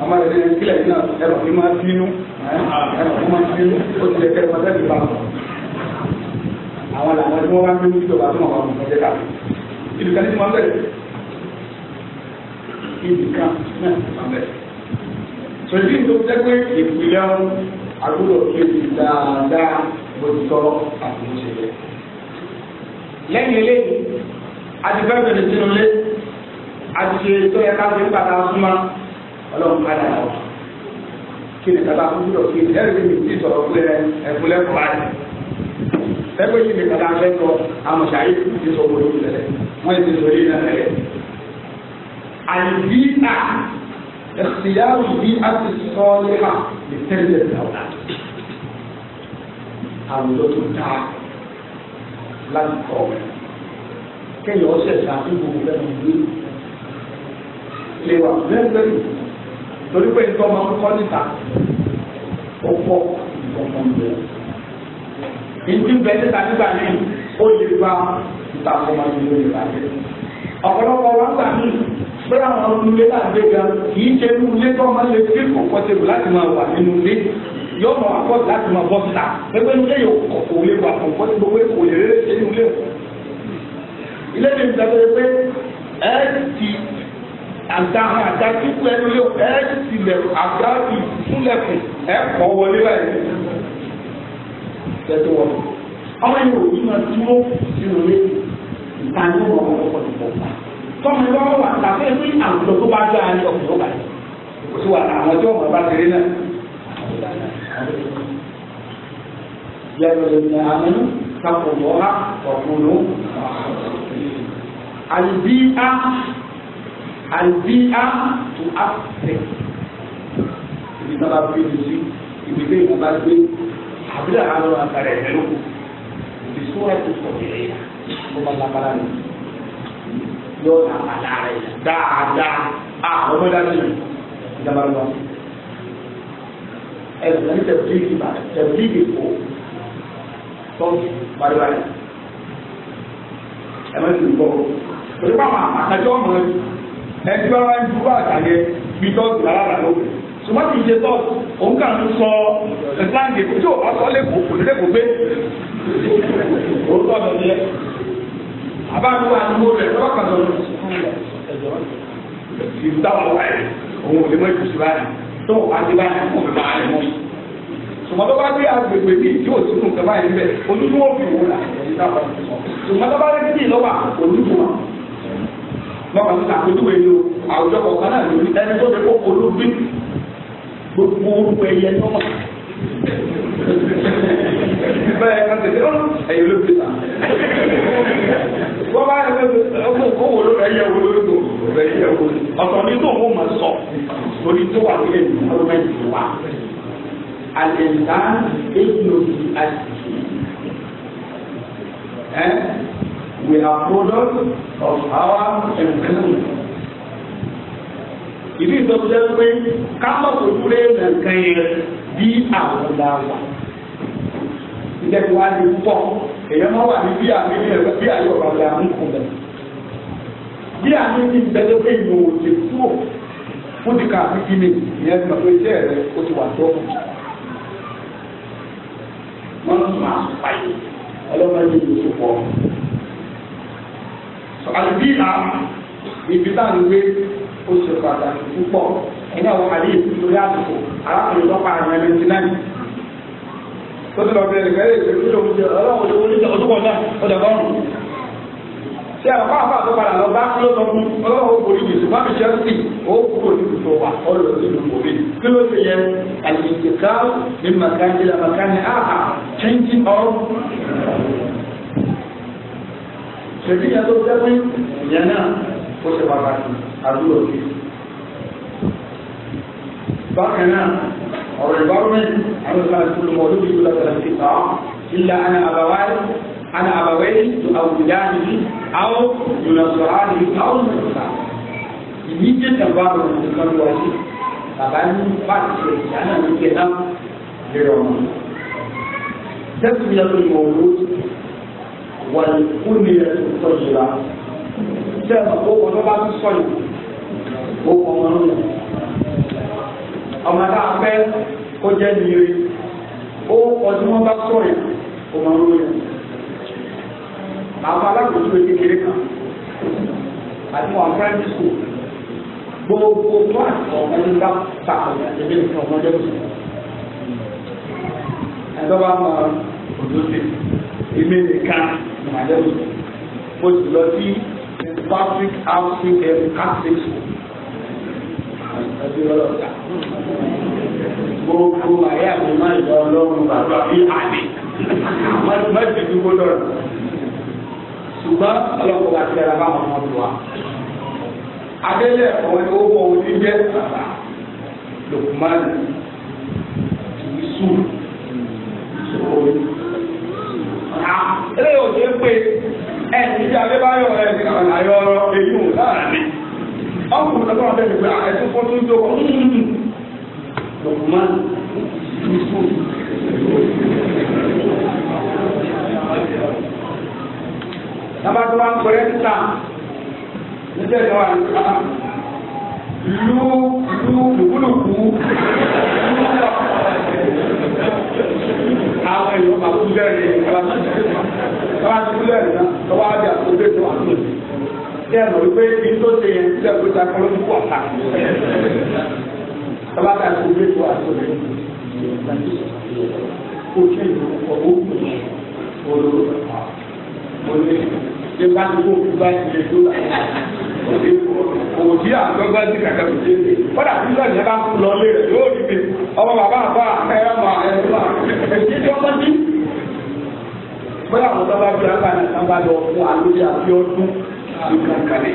àmọ́ ẹ̀rẹ́ ní kílẹ̀ náà ẹ̀rọ fi máa bínú ẹ̀rọ fi máa bínú ó ti lẹ̀ kẹ́rẹ́ pàtàkì bá àwọn làwọn tí wọ́n bá ń bínú ìjọba tó máa wà mọ̀ ọ̀jẹ̀ ká ibìkan ní ti máa ń bẹ̀rẹ̀ ibìkan náà ti máa ń bẹ̀rẹ̀ sọ̀rọ̀ bójútó àti ìṣẹlẹ lẹ́yìn eléyìí adigun bẹ̀rẹ̀ sínú lé àti tó yẹ ká fi padà súnmọ́ ọlọ́run padà yà wá kí ni kàtà fún bílọ̀ kí ni ẹ̀rí mi ti sọ̀rọ̀ fún ẹ ẹ̀fúnlẹ̀ fún báyìí ẹgbẹ́ yìí ni kàtà fẹ́ sọ àmọ̀ṣà yìí ti sọ wọlé wọlé lẹ wọ́n ti sọ yìí lẹ́lẹ́ lẹ. àyíká ẹ̀sìyàwó yìí á ti sọ ọ́ nípa ìtẹ́lẹ̀ náà àwùjọ tó dáa láti kọ́ kéèyàn ọ̀sẹ̀ sàbí gbogbo lẹ́nu ìlú lè wà lẹ́gbẹ̀rì torí pé nǹkan máa ń kọ́ níta ó pọ̀ nǹkan kan bẹ̀rẹ̀. ìdí bẹ́ẹ̀ níta nígbà míì ó lè gba ìta ọmọ ìlú lè bá jẹ́. ọ̀pọ̀lọpọ̀ wa gbà míì pé àwọn ọmọ ilé náà gbé ga kì í ṣe inú ilé tó máa lè fi kọ̀kọ́ tèbù láti máa wà nínú ilé yọ mọ akọ láti mọ bọ́sítà pépé nílé yóò kọ̀ kò lè wà kọ̀ fọ́tí gbogbo èkó lè rere ṣe nílé o. ilé mi gbà pé pé ẹ ti àga hàn àga kíkú ẹnu lé o ẹ ti lẹ àga ìfúnlẹ̀kùn ẹ kọ̀ wọlé báyìí. tẹ́tí wọ́n ọmọ yìí ò ní máa dúró nínú ilé ìta ní wọn kọ̀ fọ́ ti bọ̀ pa. tọ́mọ ìwà wà tàbí ẹni àwùjọ tó bá dá ẹni ọ̀pọ̀ tó bá yẹ kó sí wà àwọn ọjọ́ ọ̀gbọ̀n bá ti náà. يا أيها الذين آمنوا اتقوا الله وكونوا البيئة البيئة تؤثر ibi tí wọn bá gbé ní sí ibi tí wọn bá gbé àbílẹ̀ àwọn àtàrà ẹ̀rẹ́ lóko ibi tí wọn ti sọ yẹrẹ yà wọn bá lábára rẹ yọ àbàlà rẹ dáadáa àwọn ẹgbẹ̀rún tẹ̀bílì bá tẹ̀bílì kò tọ́jú balùwalẹ̀ ẹ̀mẹ́ tó ń bọ̀ torí báwọn àtàjọ́ ọmọ ẹ̀ ẹni bá wọn dúró àtàyẹ bí tọ́jú lára ló ṣùgbọ́n kì í ṣe tọ́jú òun kà ń sọ ìsìláǹdì kò tí ò bá sọ lẹ́kọ̀ọ́ kò ní lẹ́kọ̀ọ́ gbé òun tọ́ lọ yẹ àbáwọ̀ àdúgbò rẹ̀ lọ́kàn lọ́dún ìdáwọ̀ wáyé òun ò lè mọ ìkùsùn báyìí. tó o bá ti bá yẹn kó fi bá mọ́ bá gbé agbègbè bíi tí o ti kún fi wò la bá lọ́wọ́ ti sàkójúwe ni o àwùjọ kọ̀ọ̀kan náà lórí ẹni tó ti bá yẹ kán tètè ọ́n ẹ̀yìn ló fi tàn. wọ́n bá yẹ kó kó wò ló rẹ̀ yẹ wò ló tó rẹ̀ yẹ wò ọ̀sán ní tó wọ́n mọ̀ sọ torí tó wà nílẹ̀ ní gọ́ọ̀mẹ̀ntì wa. àlẹ́ ńlá èyí ò fi àṣìṣe. We are product of our environment ìdí ìsọfúnjẹ pé ká mọ̀ kó kúrẹ́ nǹkan yẹn bí àwọn dáwà ilé tí wàá di púpọ̀ èèyàn máa wà ní bí àmì ní ẹ̀fẹ́ bí àyè ọ̀rọ̀ àti àmì kù bẹ̀. bí àmì ti bẹ̀rẹ̀ pé ìlú òde kúrò fún ti ka àfi kíni ìyẹn ti mọ̀ pé iṣẹ́ rẹ̀ ó ti wà tó. wọ́n tún máa pààyè ọlọ́mọdé ìlú tó pọ̀. àlùbí àmì ibi tá à ń gbé ó ṣe pàtàkì púpọ̀ ẹ̀yìn àwọn àlè ìtútù àtùkù arákùnrin lọ́pàá tó ti lọ bẹ̀rẹ̀ kẹ́lẹ́ ìgbésí lòun jẹ ọlọ́run tó ní ọdún kọjá ọjà bọ́ọ̀rù ṣé àwọn àbá tó padà lọ bá kí ló sọ fún ọlọ́run ó gbèsè bá mi jẹ́ sí ó kúrò ní ìfọ̀ wà ọlọ́run tó ní borí kí ló ṣe yẹ àlejò ká ní màkàndé la màkàndé àhà changing all ṣèlú yẹn tó jẹ́ pé náà ó ṣe pàtàkì àdúrà òkè bákan náà ọ̀rọ̀ environment alùpàá ìkúlùmọ̀ olóbi ìlú lọ́sọ̀rọ̀ sí ta ilà ana àbáwáyé ana àbáwáyé tó àwùjá nìyí àwọn ìrìnàṣọ̀rá nìyí àwọn ìrìnàṣọ̀rá ìyí jẹ́ tẹ̀wá lọ́wọ́ nìkan lọ́wọ́ sí bàbá ní pàṣẹ ìyáná ní kẹta lérò ọmọ. Tẹ́sílẹ̀ tó yọ owó wà ní kúmi rẹ̀ tó tọ́jú la. Tẹ́sílẹ̀ tó wọ́n bá tó sọ̀rọ̀ ó kọ́ wọn lọ́wọ́ ọmọ tá a fẹ́ kó jẹ́ nìyẹn ó ọdún wọn bá sọ̀rọ̀ kó máa ń lóyún àwọn alákòóso kékeré kan àti wọn primary school gbogbo tó àtọ̀ ọmọdé bá ta ọ̀gbìn ẹ̀mí nìkan ọmọdé bó sùn ẹ̀dọ́ bá mọ òdò sí ẹ̀mí nìkan ọmọdé bó sùn mo sì lọ sí Patrick housing and catholic school gbogbo àyà mi máa ń lọ ọlọ́run bàbá bí àlè má ti fi wó lọ́rùn. ṣùgbọ́n ọlọ́kọ̀ bá ti dára bá wọn mọ́ wa. adélẹ̀ ọ̀hún ni ó wọ orí jẹ́ bàbá Lukmanu ìṣù ìṣòro. ilé òde pé ẹni tí adébáyọ̀ ẹ̀ ní àyọ̀ ọ̀rọ̀ èyí ò láàrin. ọkùnrin lọ́kọ̀ ọ̀dẹ́ mi pé àìsàn ah, fọ́tún tó kọ́ hmm. Lukman Yusuf. Tábàtú wa ń pèrè títà níbẹ̀ lọ́wọ́ àyíká. Lu lu lùkúlùkù. Àwọn èèyàn máa kú lẹ́rìí ìjọba. Tábà ti kú lẹ́rìí náà, lọ́wọ́ àbí àtúndé tó wà lónìí. Bí ẹ̀ mọ̀ wípé ibi tó ṣe yẹn sílẹ̀ kó ta kọ́ ló ń kú sábà ká tó lé tó àtọ lẹ kó tó yẹ kó o kù o lò o lè ṣe bá tó kó o bá tilẹ̀ tó la òwò tí àgbẹ̀gbẹ̀ ti kàkà tó dé lé kọ́dà tí lọ́ọ̀ yẹn bá ń lọ lé rẹ̀ yóò rí mi ọmọ bàbá àbá ẹ̀rọ mà ẹ̀rọ mà èyí tí wọ́n ti bóyá àwọn sábà bí wọn bá ní sábà lọ fún àlóyè àbí ọdún ìkàkàlẹ̀.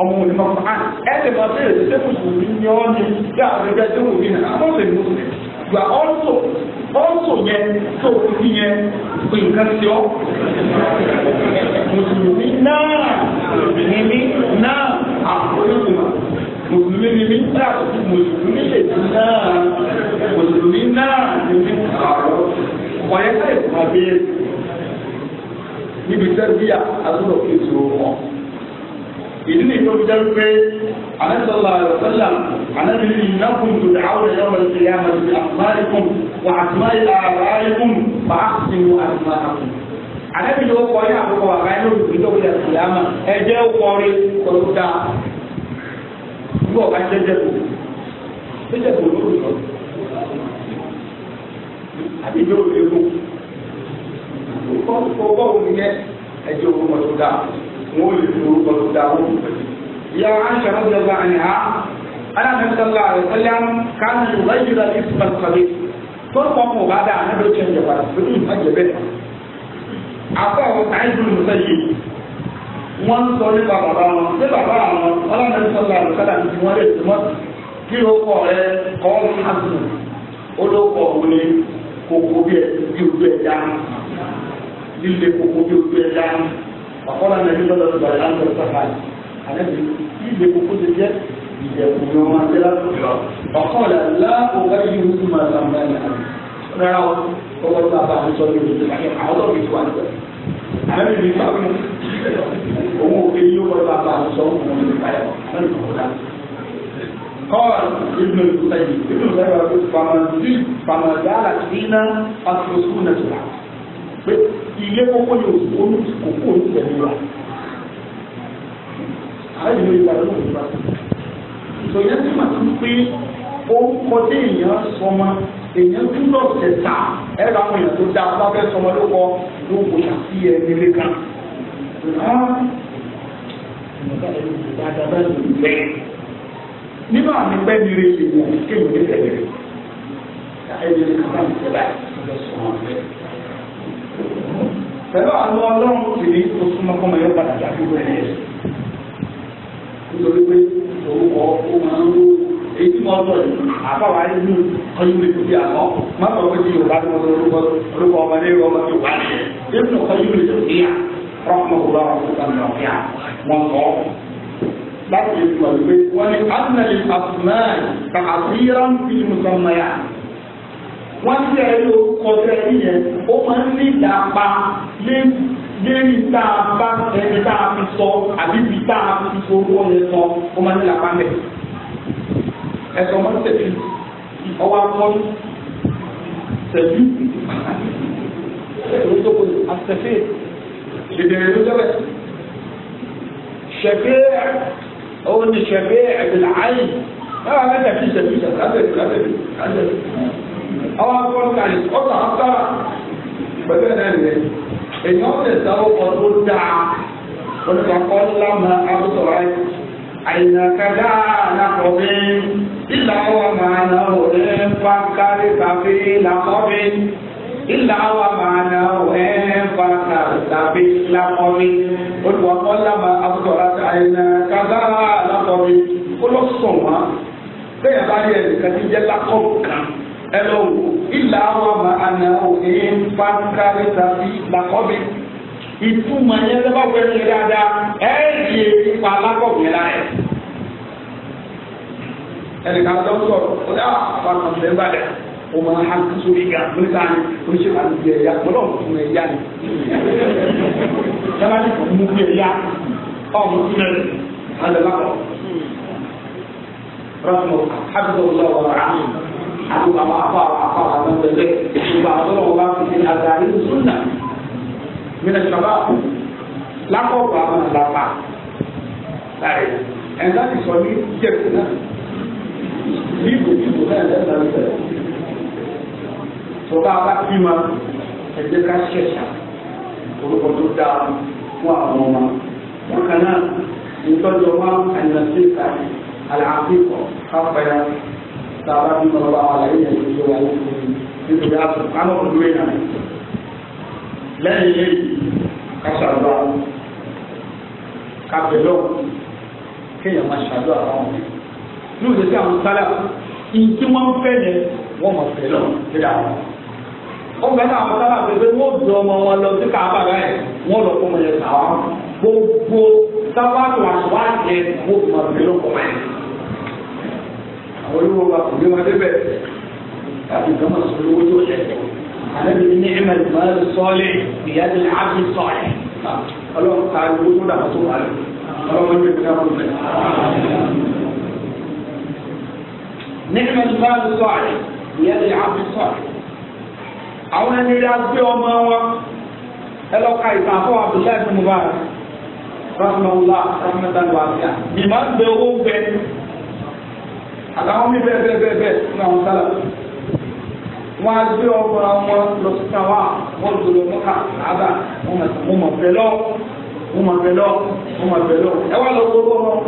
ọmọ olùmọ̀ Quran ẹ̀sìn máa bẹ̀rẹ̀ ṣé mùsùlùmí ni ọ́ ni bí àwọn ẹgbẹ́ tó wù mí nà àwọn ọ̀sẹ̀ mùsùlùmí gba ọ̀sọ̀ ọ̀sọ̀ yẹn tó o fi yẹn pé nǹkan ti ọ́ mùsùlùmí náà mímí náà àpolókùnmá mùsùlùmí mímí náà mùsùlùmí lè ti náà mùsùlùmí náà mímí àrọ́ wọ́n yẹ ká ìfọ̀mọ́ bíi níbi sẹ́ríà adúlọ̀ kí n sọ̀rọ̀ wọn ìdí ni ìtọ́jú jẹ́ pé anasala salam anabili nakun tó dàwọn ẹ̀yọ́ wọn ti yá ma ti àtúmáyékùn wà àtúmáyé àbáyékùn bá a ti mú àtúmáyékùn. anabili ó kọ́ yín àkókò àbáyé lórí ìtọ́jú jẹ́ ìyáma ẹ̀jẹ̀ ó kọ́rí kọ́tù dáa. nígbà ọ̀gá jẹ́jẹ́ kò jẹ́jẹ́ kò lórí lọ. àbí ìjọba ìlú kọ́ kó bọ́ọ̀lù yẹn ẹ̀jẹ̀ òun mọ̀ tó dáa wọn ò lè fi orúkọ tó da wọn. ìyá aṣọ àwọn ìjọba àyà alámẹ́sọ̀lá àrẹ̀sọ́lá kánú ìwà ìjọba ní ìfúnpàṣọ́lé tó ń pọ́npọ́n bá dáa ní ló tiẹ̀ jọba tó ní ìfàjẹ́ bẹ́ẹ̀. àpá àwọn àìsàn ìmúṣẹ́ yìí wọ́n sọ nípa bàbá wọn ní bàbá àwọn alámẹ́sọ̀lá àrẹ̀sọ́lá ti wọ́n lè tì mọ́ kí ló kọ̀ rẹ kọ́ hasan ó ló kọ̀ òun ni kókó bí ojú ẹ̀ dá líle kókó bí ojú ẹ̀ dá àkọ́lá nàbí lọ́dọ̀ tó bàrẹ̀ láńkọ̀ sọ́fà àlẹ́bí ìgbè kókó ti jẹ́ ìjẹ̀kù ni wọ́n máa ń tẹ́lá ọ̀kọ́lá láàkó gáyé ìlú tó máa sàn bá ní àná rárá o ọwọ́ tó bá àti sọ́dọ̀ ìlú tó máa kẹ́ àwọn ọ̀dọ́ mi tó wà níbẹ̀ àlẹ́bí mi fà mí òun ò fi yíyó kọ́ bá àti sọ́ قال ابن القيم ابن القيم فما زال فما زالت فينا الرسول pé ilé kókó yóò olú kókó olú tẹ̀lé wa àyè ló yẹ lọ́wọ́ ìgbà ìtòyẹ́ tí mà tún pé orúkọ tí èèyàn sọmọ èèyàn túnbọ̀ tẹ̀ta ẹ̀rọ àwọn èèyàn tó dáa bá fẹ́ sọmọ ló kọ ló kò sí ẹni lé kan nínú àmì pẹ́ mi rè é kéwòn ní tẹ̀lé ẹni lé kan bá mi tẹ̀lé ẹ̀ lọ́sọ̀rọ̀ àmì pẹ̀lú àwọn ọlọ́run ó ti ní tó súnmọ́ kọ́mọ yóò padà jáde wọ ẹni ẹ̀sìn nítorí pé orúkọ ó máa ń lò èyí tí mo sọ yìí àbáwá yìí ní ọdún mi kò sí àmọ́ má sọ pé kí yorùbá tó mọ orúkọ orúkọ ọmọ ní ìwọ ọmọ yorùbá ni ẹ ní ọkọ yìí lè fi yà rọpò wúlọ rọpò kan lọ fi yà wọn sọ láti lè fi wà wípé wọn ni wọ́n ti ẹ̀rí orúkọ tẹ́lẹ̀ yẹn ó máa ń ní ìdápa lérí tá a bá ẹni tá a fi sọ àbí ibi tá a fi sọ orúkọ yẹn sọ ó máa ń ní ìdápa mẹ́. ẹ̀sọ́ máa ń tẹ̀lé ọwọ́ akọ́ni tẹ̀lé ẹ̀rọ tó kọjú àtẹ̀fẹ́ ìbẹ̀rẹ̀ ló dẹ́wẹ̀. ṣẹ̀fẹ́ òun ni ṣẹ̀fẹ́ ẹ̀dùn àáyì náà wọ́n á mẹ́ta fi ṣẹ̀fẹ́ ṣẹ̀fẹ́ àwọn akọ́nùkà ní ọ̀tà àtàrà pẹ̀lú ẹ̀ náà nìyẹn èèyàn lè sáwọ́ kan tó dáa olùkọ́ ńlá mọ abúlé ayé àyìnàkadà ànàkọ̀bí ìlà wà máa nà òní fàkàrí tàbí làkọ́bí ìlà wà máa nà òní fàkàrí tàbí làkọ́bí olùkọ́ ńlá mọ abúlé ayé àyìnàkadà ànàkọ̀bí olùsọ̀wọ́n bẹ́ẹ̀ bá yẹ nìkan ti jẹ́ lákọ̀ọ́ kan ẹlò ìlà àwọn ọmọ àná òkèèyàn pàǹkárí tàbí làkọ́bí ìtumọ̀ yẹn lọ́wọ́ wẹ̀ ṣe dáadáa ẹ̀ yé ipa alákọ̀wé la rẹ̀. ẹnì kan tó ń sọ̀rọ̀ ó dá àwọn ọmọ ẹ̀ balẹ̀ o máa ha sórí ga lórí ta ni o ṣe máa ń gbé ẹ̀yà lọ́wọ́ fún ẹ̀yà ni. sábà ní kò mú gbé ẹ̀yà ọmọ fún ẹ̀ alẹ́ lápọ̀. rọ́ọ̀mù àbúrò lọ́wọ́ rà á àti bàbá afa afa àwọn bẹbẹ ìgbà àtọ́lọ̀ wọn bá fi ṣe àgbàrí sunna mina sábà lakọ̀ọ̀bà àwọn àlàpà láì ẹ̀dá ti sọ ní jẹ̀kú náà bí kò tí kò náà ẹ̀dá ti sọ sọba bá bí ma ẹ̀jẹ̀ ká ṣẹ̀ṣà orúkọ tó dáa fún àwọn ọmọ wọn kan náà ìtọ́jú ọmọ àyìnbá ìta àlàáfíà kọ̀ káfíà tààrà bí mo bá wàlá yìí lẹ́yìn tó wà lóko nítorí àtò kánò òdúró yìí nàní. lẹ́yìn lẹ́yìn kásàdúrà kábẹ́lọ́ kéèyàn máa ṣàdúrà àwọn ọmọ yìí. ní òṣèṣẹ́ àwọn sálà ìtí wọ́n ń fẹ́ yẹn wọ́n mọ̀ fẹ́ lọ síra wọn. ó bẹ́ẹ̀ náà àwọn sálà pé pé wọ́n dùn ọmọ wọn lọ sí káàbà rẹ̀ wọ́n lọ fún ọmọ yẹn sàwọn gbogbo sábà tó àṣọ àjẹ wọ́n mọ̀ fẹ́ lọ́kọ̀ọ́ àwọn olówó wa kò gbé wọn débẹ̀ láti gbọ́mọ̀ sọ olówó tó yẹ. àlejò ní ẹ̀mẹ̀ máa ń sọ́ọ̀lẹ̀ ìyáàdì àbí sọ́ọ̀lẹ̀. ọlọ́run ta olówó tó dàgbà tó wà lọ. ọlọ́run yóò fi dáhùn bẹ́ẹ̀. ní ẹ̀mẹ̀ máa ń sọ́ọ̀lẹ̀ ìyáàdì àbí sọ́ọ̀lẹ̀. àwọn ẹni rí agbé ọmọ wọn ẹ lọ ka ìtàn àfọwọ́ Abdullahi Mubarak rahmanulah rahmatan wasiya. ìmọ̀ ń bẹ owó bẹ́ẹ̀ àtàwọn mí bẹ́ẹ̀ bẹ́ẹ̀ bẹ́ẹ̀ bẹ́ẹ̀ nínú àwọn sálà wọn á gbé ọkọ wọn lọ sí káwá wọn lò lọ mọ́kà láàbà wọn mọ̀ bẹ́ẹ̀ lọ wọn mọ̀ bẹ́ẹ̀ lọ wọn mọ̀ bẹ́ẹ̀ lọ ẹ wá lọ gbogbo wọn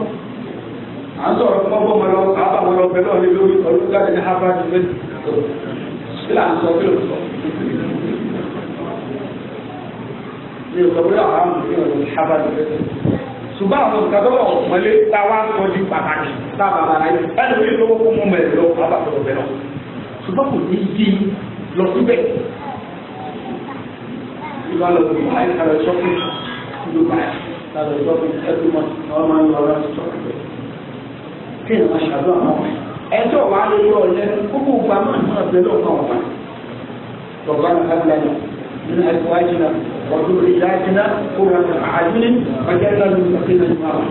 à ń sọ̀rọ̀ fún ọgbọ́n mọ̀lọ́ káàbà mọ̀lọ́ bẹ́ẹ̀ lọ níbi orí ọdún jáde ní harvard university ṣùgbọ́n àwọn olùkàdọ́wọ̀ ọ̀pọ̀lẹ́ ta wá sọ di pàtàkì tá a bàbá rẹ̀ ẹni tó yẹ lọ́wọ́ fún mọ́ mẹ́rin lọ bàbá sọ̀rọ̀ bẹ́ẹ̀ lọ ṣùgbọ́n kò ní di lọ síbẹ̀ ìlú àlọ́ ìlú àyè kàlọ́ ṣọ́kì ìlú báyà kàlọ́ ṣọ́kì ẹ̀dùn mọ́ àwọn máa ń lọ rà ṣọ́kì bẹ́ẹ̀ kí ni wọ́n ṣàdúrà mọ́ ẹjọ́ wàá lè yọ ọ̀lẹ́nu kókó gbàmọ́ àti ọ̀bẹ lọ́kàn ọ̀gbà من أزواجنا وذرياتنا قرة أعين وجعلنا للمتقين إماما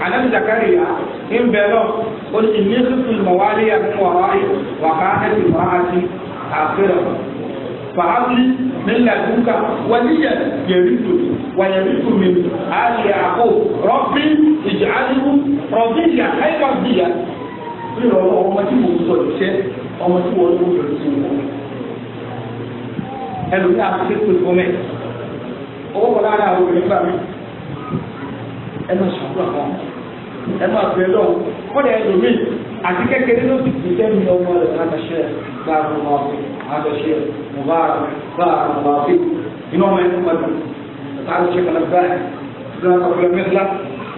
عن زكريا إن بلغ قل إني خفت الموالي من ورائي وكانت امرأتي آخرة فهب لي من لدنك وليا يرثني ويرث من آل يعقوب ربي اجعله رضيا أي رضيا. Bí ọmọ tí mo sọ ìṣe, ọmọ tí wọ́n ẹlòmíà ti tó tó mẹ owó wọn lára àwọn obìnrin gbà mí ẹ máa ṣàdúrà wọn ẹ máa bẹ lọ wọn lè ẹlòmíì àti kékeré ló ti fi sẹ́nu ọmọ rẹ̀ lábàṣẹ báàrùn ọmọ ọ̀fẹ́ àbàṣẹ mùbáàrùn báàrùn ọmọ ọ̀fẹ́ iná ọmọ ẹni pàdé تعالوا شكرا بقى لا قبل مثلك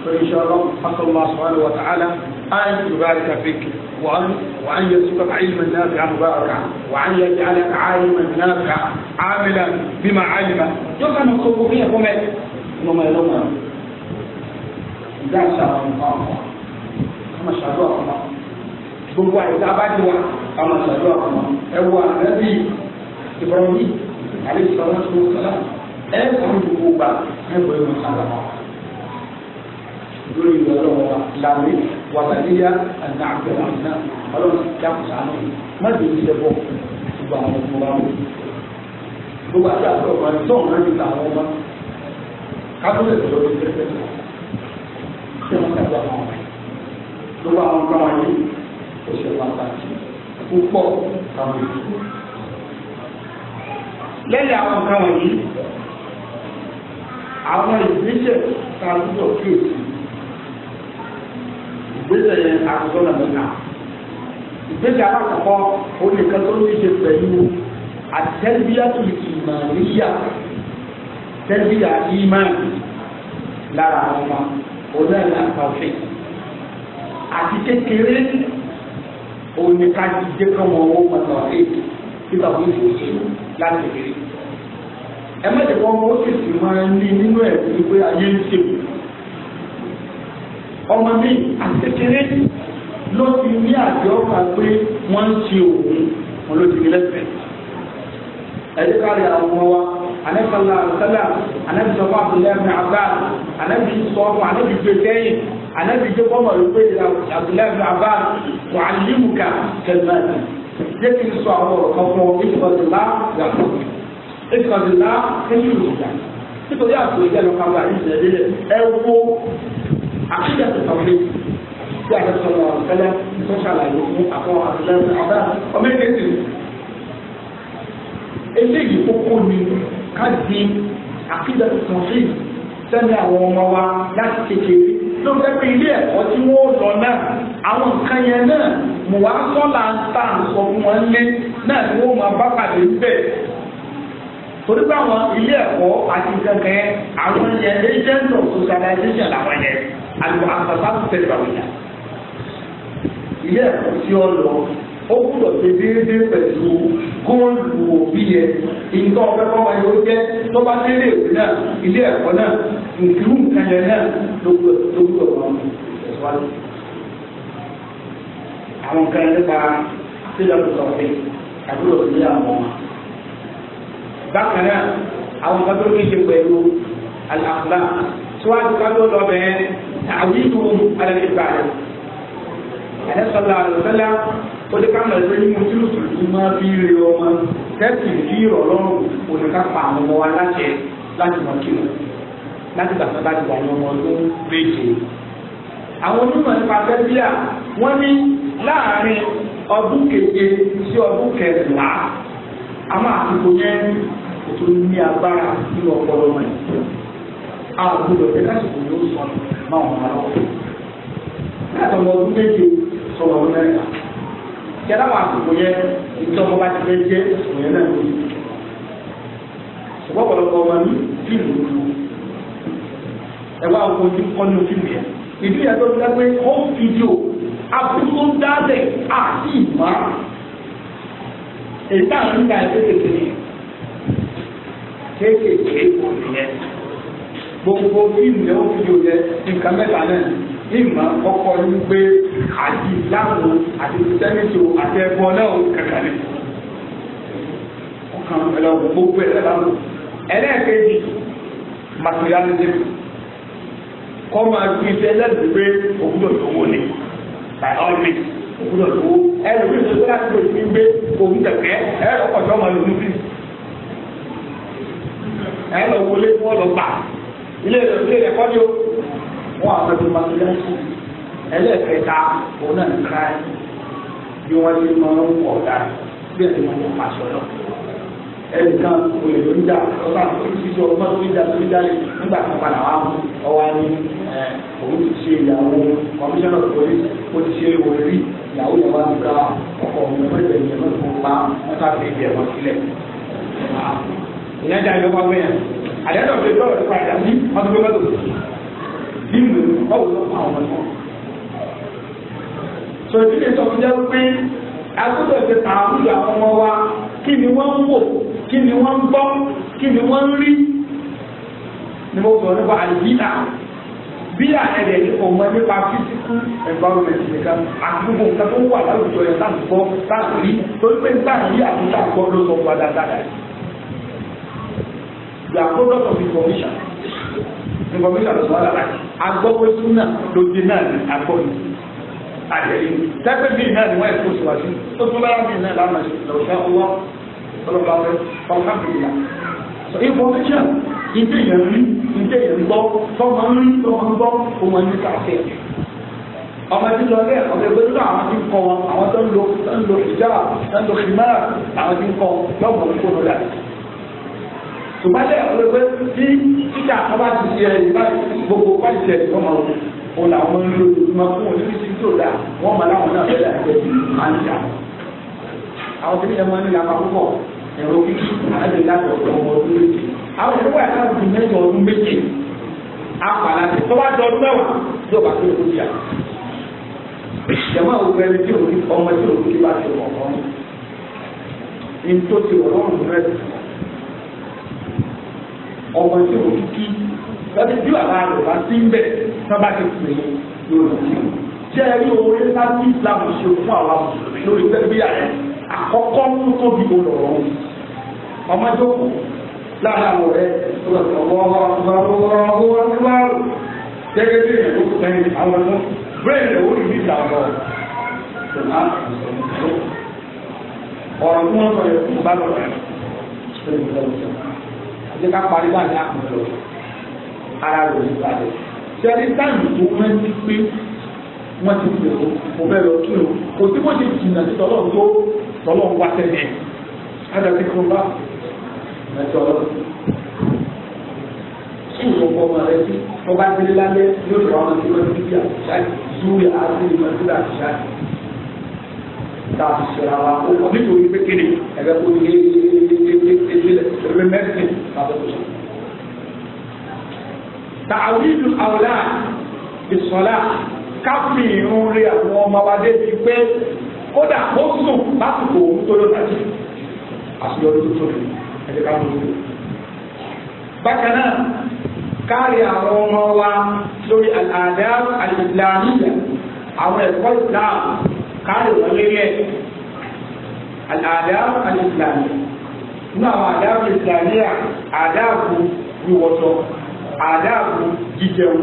فإن شاء الله أسأل الله سبحانه وتعالى أن يبارك فيك وأن وأن يرزقك علما نافعا مباركا وأن يجعلك عالما نافعا عاملا بما علم يوم أن تصبوا فيه هم يلوم يلومون إذا شاء الله كما شاء الله gbogbo àyíká bá ti wà káwọn ṣàdúrà fún wa ẹ wọ ànábì Ibrahim àlejò àwọn tó ń sọlá ẹ kàn gbogbo gbà ẹ bọ ẹ mọ sàlámà. lórí ìlọ́lọ́wọ́ wa làwí wàtàlíyà àná àgbẹ̀wò àná ọlọ́run ti dákùn sànú yìí má dùn ní ilẹ̀ bọ̀ gbogbo àwọn ọmọ wa wò gbogbo àti àti ọmọ rẹ tó ọ̀nà nípa àwọn ọmọ kábílẹ̀ tó lọ́wọ́ ìgbẹ́ fẹ́ ṣé wọ́n tẹ̀lé àwọn ọmọ gbogbo àwọn ọmọ wọn yìí kò ṣe pàtàkì púpọ̀ àwọn ìlú lẹ́yìn àwọn nǹkan wọ̀nyí àwọn ìgbésẹ̀ tá a gbúdọ̀ ìgbésẹ̀ yẹn àtúntò náà mẹ́ta ìgbésẹ̀ alákọ̀ọ́kọ́ ó nìkan tó ní ṣe pẹ̀lú àtẹ́bíyàtù ìmàníyà tẹ́bíyà ìmàní lára àwọn onáìlà pàṣẹ àti kékeré oníkájí jẹ́ kọ́ wọn owó pàtó àkéèké nígbà tó ṣe ṣe láti rí ẹ mẹ́tẹ̀kọ́ wọn ó sì sì máa ń ní nínú ẹ̀ pé ayé ń ṣe wù ọmọ mi àtẹkẹrẹ ló ti ní àjọ ọkà pé wọ́n ń ti òun wọn ló ti ní lẹ́sẹ̀. ẹ̀dí kárí àwọn ọmọ wa anẹ́sọ̀lá àlùsálà anẹ́sọ̀fọ́ àbúlẹ̀ ẹ̀mí àbá anẹ́bí sọ́ọ̀fọ́ anẹ́bí gbé kẹ́yìn anẹ́bí gbé bọ́mọ̀ ló pé àbúlẹ̀ ẹ̀mí àbá wà á lé mùkà kẹlẹ́mẹ́ yé kí n sọ àwọn ọ̀rọ̀ kan fún ọ ìfọ̀dùlá yàtọ̀ ìfọ̀dùlá kẹ́yìn òkúta nítorí àpò ìjẹ́ lọ́kàwé àti ìjẹ́ àkídà tó tọ̀ pé tí a ti sọ wọn fẹlẹ tó ṣàlàyé fún àwọn àtìlẹyìn ọba ọmọ ẹgbẹ́ sì eléyìí kókó ni ká di àkídà tó tọ̀ pé sẹ́ni àwọn ọmọ wa láti kékeré ló fẹ́ pé ilé ẹ̀kọ́ tí wọ́n lọ náà àwọn nǹkan yẹn náà mò wá sọ́la ń tà ń sọ fún wọn lé náà ni wọ́n máa bá pàdé níbẹ̀ torí pé àwọn ilé ẹ̀kọ́ àti kankan yẹn àwọn yẹn agent of socialization làwọn yẹn àlùmọ̀àtàtà tẹ̀síwáwìyà ilé ẹ̀kọ́ tí ó lọ ó gbúdọ̀ ṣe déédéé pẹ̀lú góòlù òbí yẹn nǹkan ọ̀fẹ́ kọ́ wáyé ó jẹ́ tó bá délé ìwé náà ilé ẹ̀kọ́ náà nǹkan nǹkan yẹn náà ló gbúdọ̀ wọn tẹ̀síwájú. àwọn kan nípa sílẹ̀ lọ́sọ̀ pé àbúrò sí àwọn ọmọ. bákan náà àwọn kan tó ní ṣe pẹ̀lú àlàkùnrin síwájú ká tó lọ bẹ́ẹ̀ àwíjú alẹ́ ìgbà rẹ̀ ẹ̀dẹ́ sọ̀lá àlùfẹ́lá oníkàmọ̀ ẹgbẹ́ nínú tìlùtìlù máa fi rí ọmọ tẹ́sì rí ọlọ́run oníkàpá àwọn ọmọ wa láṣẹ láti mọ̀ kí wọn láti gbàgbọ́ láti wà ní ni ọdún méje. àwọn onímọ̀ nípa tẹ́bíà wọ́n ní láàárín ọdún keje sí ọdún kẹsìlá àwọn àsìkò yẹn ètò ní agbára nínú ọpọlọ wọn àgbọ̀dọ̀ tẹ lásìkò yóò sọ máa wọn lọ. láti ọmọ ọdún méje sọ̀rọ̀ ọdún mẹ́ta. yàrá wà àsìkò yẹn ìtọ́ ọmọ bá ti fẹ́ jẹ́ àsìkò yẹn náà lórí. ṣùgbọ́n ọ̀pọ̀lọpọ̀ ọmọ mi fíìmù lu ẹ̀wá ọkọ̀ ojú kọ́ni fíìmù yẹn. ìdí yẹn tó dá pé home video abúlé ń dá àti ìmá. èyí táwọn ń ẹ̀ kéékèèké kéékèèké kò nìyẹn gbogbo fíìmù yẹn ó fi yóò yẹ nǹkan mẹ́ta náà ìmọ̀ ọkọ̀ ní pé àti ìlànà àti sẹ́mìtì àti ẹ̀bọ náà kàkà ní. ọkàn ẹ̀rọ gbogbo ẹ̀ lẹ́nu ẹlẹ́ẹ̀kejì materialism kọ́ máa gbé iṣẹ́ lẹ́nu pé òkúdọ̀ lówó ni by all means òkúdọ̀ lówó ẹ̀rọ bí ìṣòro láti lè fi gbé òun tẹ̀kẹ́ ẹ̀rọ ọ̀dọ́ máa lò ní bí ẹ̀rọ wọlé fún ọ̀lọ́gbà ilé rẹ̀ ilé rẹ̀ kọ́ ni o wọ́n àwọn ẹbí máa ń lẹ́ ẹlẹ́ẹ̀kẹta òun náà nìkan ẹ̀ bí wọ́n ti máa ń kọ̀ ọ̀dà bí ẹ̀sìn máa ń ẹnìkan olè ló ń jà ọba oríṣiríṣi ọgbọ́n tó ń jà tó ń jà lè nígbà tó padà wá mú ọwá ní òun ti ṣe ìyàwó kọmíṣánná pòlíṣì ó ti ṣe ìwò rí ìyàwó yẹn wá ń gba ọkọ̀ ìyẹn náà tó pa mẹ́ta fi ìbẹ̀rù sílẹ̀. ìyẹn jà ìjọba wẹ̀yàn àdéhùn ọ̀dọ́ ìgbọ́rọ̀ ti padà sí ọdún mẹ́tò nínú ọ̀wọ́ ló fún àwọn ọmọ sọ ìdílé sọ̀rọ̀ jẹ́ pé agbọ́dọ̀ ti tààrùn àwọn ọmọ wa kí ni wọ́n ń wò kí ni wọ́n ń gbọ́ kí ni wọ́n ń rí ni mo sọ̀rọ̀ nípa àlùbíyà bí àẹ̀rẹ̀ ní ọmọ nípa physical environment nìkan àgbègbè nǹkan tó wà láwùjọ yẹn láti gbọ́ láti rí torí pé nígbà yìí àti you product of information information ló sọ wàhálà láti agbọ́wé súnà lóde náà ní agbọ́ ni àjẹrí tẹ́pẹ́ bíi náà ni wọ́n ẹ̀kọ́ sọ wá sí tó tún báyà bíi náà lánàá sí lọ́sẹ̀ ọwọ́ ọlọ́pàá fẹ́ ọ̀ká bìí náà so information ìdí èèyàn rí ìdí èèyàn gbọ́ tọ́mọ ń rí tọ́mọ ń gbọ́ ọmọ ní kàfẹ́ ọmọ ti lọ lẹ ọmọ ẹgbẹ́ nínú àwọn tí ń kọ wọn àwọn tó ń lo tó ń lo ìjà tó ń lo ìmáà àwọn tí ń kọ lọ́gbọ̀n kó lọ láti ṣùgbọ́n lẹ́yìn olóògbé tí títà kan bá ti ṣe ẹ̀yìn bá gbogbo bá ti ṣe ẹ̀yìn kọ́mọ òun làwọn ń lo ìtumọ̀ fún òun níbi tí tó dà wọ́n mọ̀ láwọn náà fẹ́ẹ́ dàgbẹ́ máa ń jà. àwọn tí nìyẹn máa ń yàgbá púpọ̀ ẹ̀rọ kíkí àti láti ọ̀dọ̀ ọmọ ọdún méje. àwọn ìṣòwò ẹ̀ka ti mẹ́jọ ọdún méje. apàlà tí tó bá jọ ọdún mẹ́wàá yóò bá tó lóko jà. ìṣẹ̀mọ́ òkúta ẹni tí òun ọmọ tí òun kí bá ti wọ̀ ọ́ ọmọ tí o lọ́dún bí bàbá rẹ̀ bá sí ń bẹ̀ sábà ti pè é yóò lọ sí o. ṣé ẹ rí oore láti Islam ṣe fún àwa mùsùlùmí lórí tẹ́lifíà rẹ̀ àkọ́kọ́ tó tóbi olùrọ̀ ọmọ tó kù lára àwọn rẹ̀ ọ̀wọ́ gẹ́gẹ́ bí ẹ̀ ló sẹ́yìn àwọn ọmọ bẹ́ẹ̀ lè wọ́n ní ìjà ọ̀rọ̀ ọ̀rọ̀ tí wọ́n sọ yẹ kó bá lọ rẹ̀ jẹ́ ká parí báyìí àkùnjọ ara rẹ̀ ní ìbàdàn sẹ́ni táàmù tó wọ́n ti pé wọ́n ti pè ó mo bẹ́ẹ̀ lọ kí o kò sí bó ṣe jìnnà sí tọ́lọ́ tó tọ́lọ́ wá sẹ́ni ẹ̀ kájà sí kí n bá mẹ́tọ́ lọ sí ìwọ̀n ọmọ rẹ sí ọba délé lálẹ́ yóò tọ́ ọmọ sí mọ́tò tá a fi ṣẹlẹ̀ wa ó wọ nítorí pé kéde ẹgbẹ́ kó yé ẹgbẹ́ mẹ́sìn lábẹ́ tó sọ. tàwíìlù àwòlá ìsọlá káfí irun rí àwọn ọmọ wa débi pé kódà ó sùn lásìkò òun tó ló dájú àṣeyọrí tó tó lè ẹgbẹ́ ká ló lè. bákan náà kárí àwọn ọmọ wa lórí àdáàrú àìsílámù àwọn ẹ̀kọ́ ìsìlámù káàdì wọn lérí ẹ̀ àdáàbò alìsìlámì nínú àwọn àdáàbò ìsìlámì à àdáàbò ìwọ̀sọ àdáàbò jíjẹun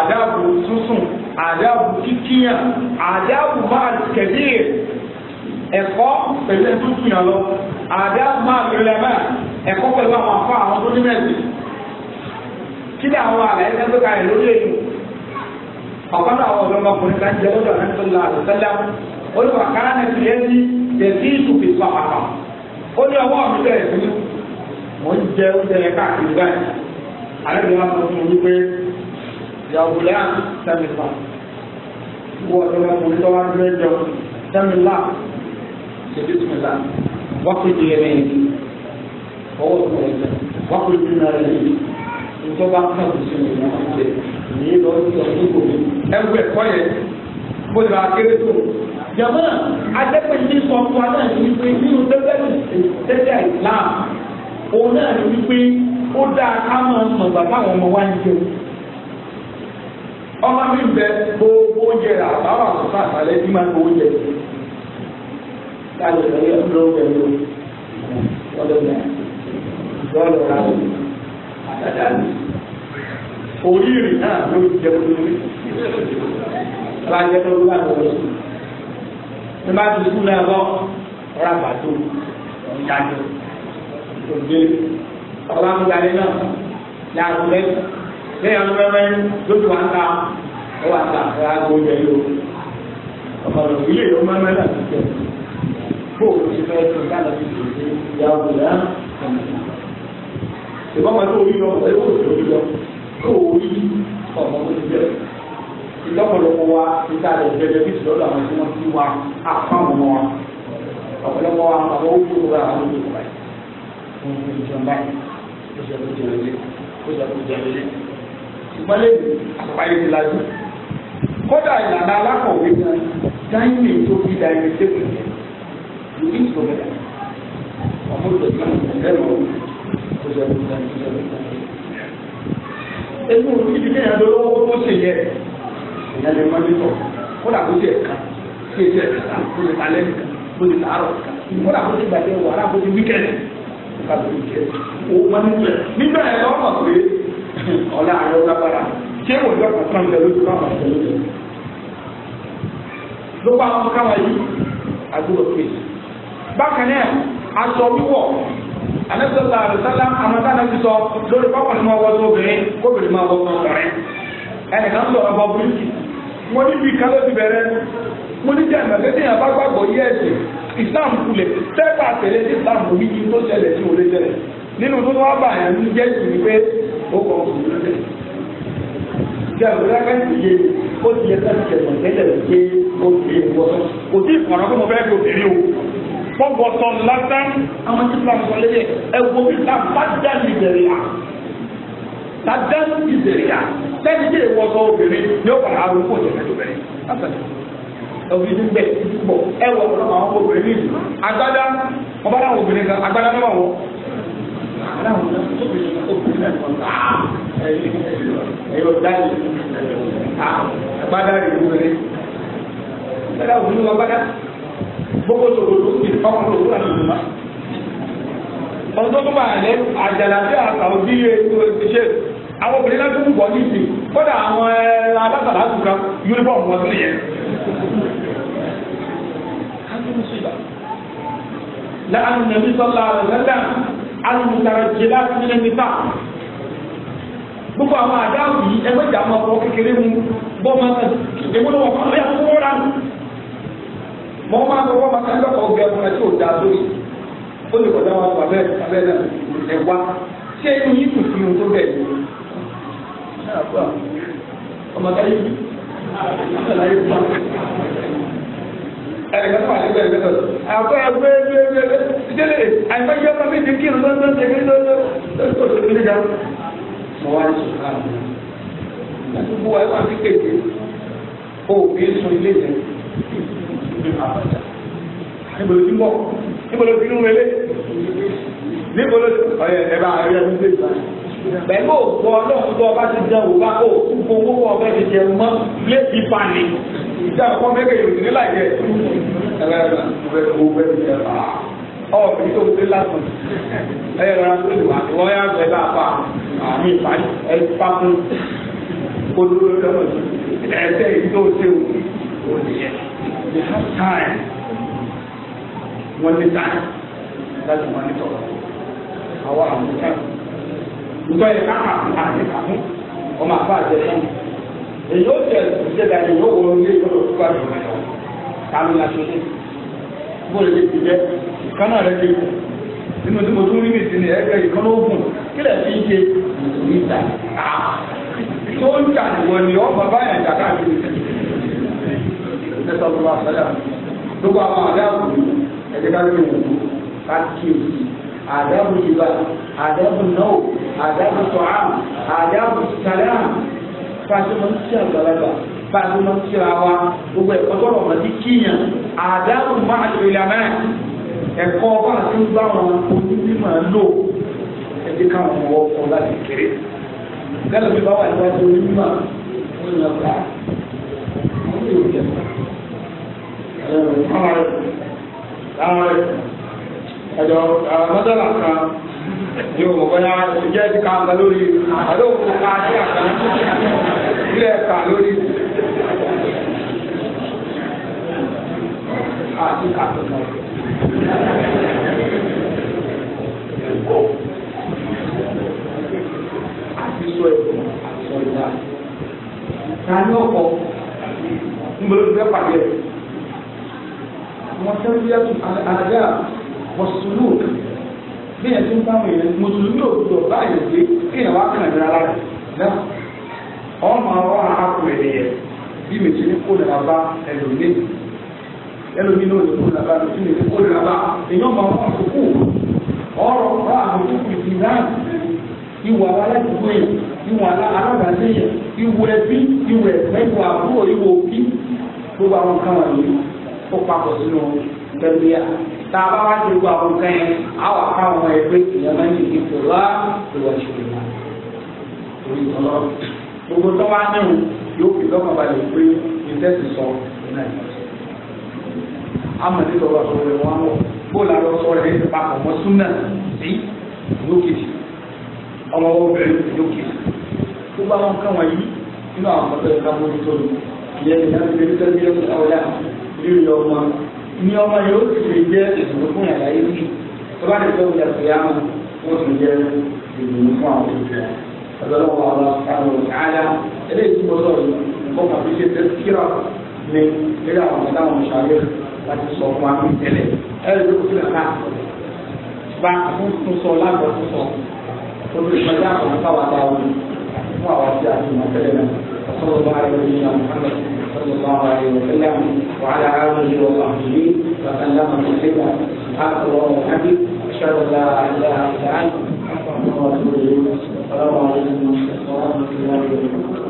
àdáàbò sísùn àdáàbò kíkíyàn àdáàbò máa kẹ̀lé ẹ̀kọ́ pẹ̀lú ẹ̀dúnkù yàn lọ àdáàbò máa lọ́lẹ̀ mẹ́à ẹ̀kọ́ pẹ̀lú àwọn afọ àwọn tó ní mẹ́sì kí ni àwọn àlàyé tẹ́ńtọ́ kalẹ̀ lórí èyí ọ̀kan náà àwọn ọ̀dọ́ ọkùnrin kan jẹ́ lọ́dọ̀ àti sọ́lá àti sọ́lá ó ní wàá kára náà tiẹ̀ ní tẹ̀sí ìtùpì na ó ní ọwọ́ mi bẹ̀rẹ̀ sí mò ń jẹ oúnjẹ rẹ ní lọ sí ọdún kò ní ẹwú ẹ̀kọ́ yẹn bó ti bá kéré tó. jama adẹ́pẹ́ ní sọ fún wa náà ní pé nínú tẹ́tẹ́ tẹ́tẹ́ Islam òun náà ní wípé ó dáa ká máa mọ̀ bàbá àwọn ọmọ wa ń jẹun ọmọ mi bẹ gbogbo oúnjẹ rà báwa kò fà sálẹ̀ bí máa ń gbọ́ oúnjẹ láti ọ̀rẹ́ ọ̀rẹ́ ọ̀rẹ́ ọ̀rẹ́ ọ̀rẹ́ ọ̀rẹ́ ọ̀rẹ́ ọ̀rẹ́ oríire náà ló ti jẹ kúrò ní alájẹtọ wíwá lọ sí ní bá ti sùn náà lọ ọ̀rọ̀ àgbàdo ìdájọ́ òde ọba náà ní àgùlẹ lẹ́yìn ọdún lójú wa ta ó wà ẹ àgbo jẹ yìí o ọmọ rẹ òye ló máa mẹ́rin àti jẹ bóòlù ti fẹ́ tó dáná ti dùn ní ìyá òkúlẹ̀ ìbọn wọn tó yí lọ ẹ yóò tó yí lọ tó ọmọ tó ti bẹ̀rẹ̀ ìlọ́pọ̀lọpọ̀ wa níta lè bẹ̀rẹ̀ bí ìtọ́jú àwọn tí wọ́n ti wá apá wọn ọ̀pọ̀lọpọ̀ wa àwọn owó tó wà àwọn olùkọ́ báyìí fún ìjọba yìí ó ṣe kó jẹun lé ó ṣe kó jẹun lé ṣùgbọ́n lè àpáyé ti lajú kódà ìlànà alákọ̀wé náà dáìmì tó fi dáìmì tẹ́kù lórí ìtọ́jú ọmọ ìtọ́jú náà lẹ́nu ó ṣe ẹnu ibi tí ìyàdó lọ́wọ́ tó ṣe yẹ ìyá lè má kó ṣe ẹ̀ka ṣe ẹ̀ka kó kó kó ṣe kó ṣe wíkẹ́ndì ká jẹ o má ní nígbà yẹn lọ mọ̀ pé ọ̀la àyọ̀ lágbára ṣé wò ló kà lẹ lójú báwọn àti lójú ló bá alẹ́sọ̀tà àlùsálà náà sọ lórí kọ́kànlélọ́mọ ọwọ́ tó obìnrin kóbìnrin máa wọ́ ọkùnrin ẹnìkan sọ̀rọ̀ bọ́ bíríkì mo ní bí ti bẹ̀rẹ̀ mo ní jẹ́ àgbàgbé tí yàrá bá gbàgbọ́ yí ẹ̀sìn Islam kulẹ̀ tẹ́gbà àtẹ̀lé sí Islam omi yìí tó ṣẹlẹ̀ sí òde ṣẹlẹ̀ nínú tó wá bà yẹn ní jẹ́ ìsìn pé ó kọ̀ ọ̀sùn bọ́gọ̀tọ̀ lásán àwọn tí fúlàmù sọlé yẹ ẹ̀wọ̀ bíkà fàdá nìjẹ̀ríà fàdá nìjẹ̀ríà sẹ́ni tí èèwọ̀ sọ obìnrin yóò padà arò kó jẹ̀mẹ̀ tó bẹ̀rẹ̀ lásàlẹ̀ ìdí bẹ̀ pọ̀ ẹ̀wọ̀ àwọn obìnrin agbada ọba náà obìnrin gbogbo tòkòtò ti ọkùnrin òwúrọ̀ ní ìlú ọdún máa lẹ àjàlàbí àtàwọn bí ṣe àwọn obìnrin láti ń bọ̀ ní ìsìn kódà àwọn alásàlá àtúkà yúnífọ̀mù wọn tó yẹ. لأن النبي صلى الله عليه وسلم المترجلات من النساء gbogbo àwọn àdáwì ẹgbẹ́jà máa fọ kékeré mu bọ́ máa ń ẹgbẹ́ wọn kọ́ ọ́ yà kó wọ́n rà mọ máa ń lọ́wọ́ máa ń lọ́kọ̀ ọgbẹ́ ọmọ ẹ̀ tí ò da lórí ó lè kọjá wọn abẹ́ abẹ́ náà ẹ̀ wá ṣé inú yín kù sí ohun tó bẹ̀ ni ọmọ táyé bí ṣàlàyé fún wa ẹnì kan tó wà nígbà ẹgbẹ́ lọ àpò ẹgbẹ́ ẹgbẹ́ ẹgbẹ́ ìdílé àìpẹ́ yọ ọmọ mi ti kí ọmọ tó ń tẹ̀lé lọ́dọ̀ lọ́dọ̀ tó ń tẹ̀lé mọ wá ní sùn káàmù àti gbogbo wa ẹ wà ní kéde òbí sun ilé yẹn ní àbàjá níbolo tí ń bọ̀ níbolo tí ń wẹlé níbolo ọ̀yẹ̀ ẹ̀bá ẹ̀yẹ ń gbé ìgbà pẹ̀lú òkú ọlọ́run tó ọba ti jẹun òkú akó òkú owó ọbẹ̀ ti jẹun mọ́ lé ti pa ni ìjà ọkọ mẹ́kẹ̀ yòókù nílà yẹ ẹ̀rọ ẹ̀rọ owó bẹ́ẹ̀ ti jẹun ọ̀ fi tó ti lásán ẹ̀ rà tó lù wá wọ́n yà bẹ̀ bá pa àmì ìpa ẹ̀ pa fún olórí ọlọ́run ẹ̀ẹ́dẹ́ ìtó ṣe òkú wọ́n ní yẹ they have time wọ́n ní time láti wọ́n ní tọ̀rọ̀ àwa àwọn ìta nígbà yẹn káà àti kàmú ọmọ àbá àjẹ fún èyí ó jẹ ìjẹba èyí ó wọ ilé ìjọba òkú àti ìmọ̀ ẹ̀wọ̀n kàmú láti ṣe bó lè ti jẹ kánà rẹ ti kù nínú tí mo tún rí nìsín ni ẹgbẹ́ ìkànnì ogun kílẹ̀ fi ń ṣe níta tó ń jà wọ̀ ni ọ̀ bàbá yẹn jà káàkiri nẹ́sà ló bá sẹ́yà lóko àwọn àdáàbò ẹ̀jẹ̀ ká lóye wò ká kéwì àdáàbò ìbá àdáàbò náà àdáàbò tọ́há àdáàbò sàlẹ̀ fàtìmọ̀ ní sẹ́ àgbàlagbà fàtìmọ̀ ní sẹ́ àwa gbogbo ẹ̀kọ́ tọ́lọ̀ wọn ti kíyàn àdáàbò máa tó ilà mẹ́ ẹ̀kọ́ bá a ti ń gbá wọn onímọ̀ lò ẹ̀jẹ̀ ká wọn wọ́ ọ láti kéré gẹ́gẹ́ bí bá wà níwájú onímọ̀ ó ń lọ bá a ẹ̀jọ̀ mọ́tàlá kan ni o mọ̀ bọ́yá ìjẹ́ ti ka nga lórí àdókò ká sí àgbà ilé ẹ̀ka lórí àti àtúntò. Àti sọ ẹ̀kọ́ àti sọ ìdá. Ta ni ọkọ̀ ń bẹ̀rù fẹ́ pàdé ẹ̀? وتربية الآداب والسلوك bí ẹ ti ń báwọn èèyàn mùsùlùmí ò gbọdọ̀ báyìí pé kí ẹ wá kàn dé ara rẹ̀ náà ọmọ ọwọ́ àkọ ènìyàn bí mi ti ní kó nira bá ẹlòmíì ẹlòmíì náà ò lè kó nira bá ẹlòmíì mi ti kó nira bá èèyàn máa wọ́n àkókò ọ̀rọ̀ bá àkókò ìdìbò ìwà aládùúgbò yẹn ìwà alábàáṣe yẹn ìwà ẹbí ìwà ẹ̀fẹ́ ìwà àbúrò ìwà òbí gbogbo àwọn kan wà lóyún ó papọ̀ sínú tẹ́lẹ̀yà tá a bá wá ti gbọ́ àwọn nǹkan yẹn á wà ká àwọn ẹgbẹ́ ìyá máa ń yìí ní tòlá ìwà ìṣòwò orí ìtọ́lọ́ gbogbo tó wá nínú yóò fi lọ́kàn balẹ̀ pé ìtẹ́sì sọ ìná ìtọ́sọ. amọ̀dé lọ́wọ́ sọ rẹ̀ wọ́n á wọ̀ bóòlù àlọ́ sọ rẹ̀ ní papọ̀ mọ́ súnà sí lókèjì ọmọ obìnrin lókèjì gbogbo àwọn nǹkan wọ̀nyí nínú àwọn ọmọdé ìtàwọn orí tó lù ìyẹn ìdájọ́ ìdẹ́gbẹ́sẹ̀ lórí ọmọ ní ọmọ yóò sì lè jẹ́ ìdùnnú fún yàrá yìí nìyí tó bá lè tó wùdà sí yàrá wọn sì jẹ́ ìdùnnú fún àwọn òṣìṣẹ́ ọlọ́wọ́ àwọn àwọn ọ̀gáàdá eléyìí tí mo sọ yìí mo kà fi ṣe tẹ́síkìrà ní ilé àwọn ọ̀gá àwọn ìṣàlẹ̀ láti sọ fún àwọn ìtẹ̀lẹ̀ ẹ̀rọ ìlú kùsùn àká bá àkóso sọ lágbàtúsọ olùsọjá وأرجع فيما سلم وصلى الله على نبينا محمد صلى الله عليه وسلم وعلى آله وصحبه وسلم تسليما سبحانك اللهم وبحمدك أشهد أن لا إله إلا أنت أستغفرك وأتوب إليك السلام عليكم ورحمة الله وبركاته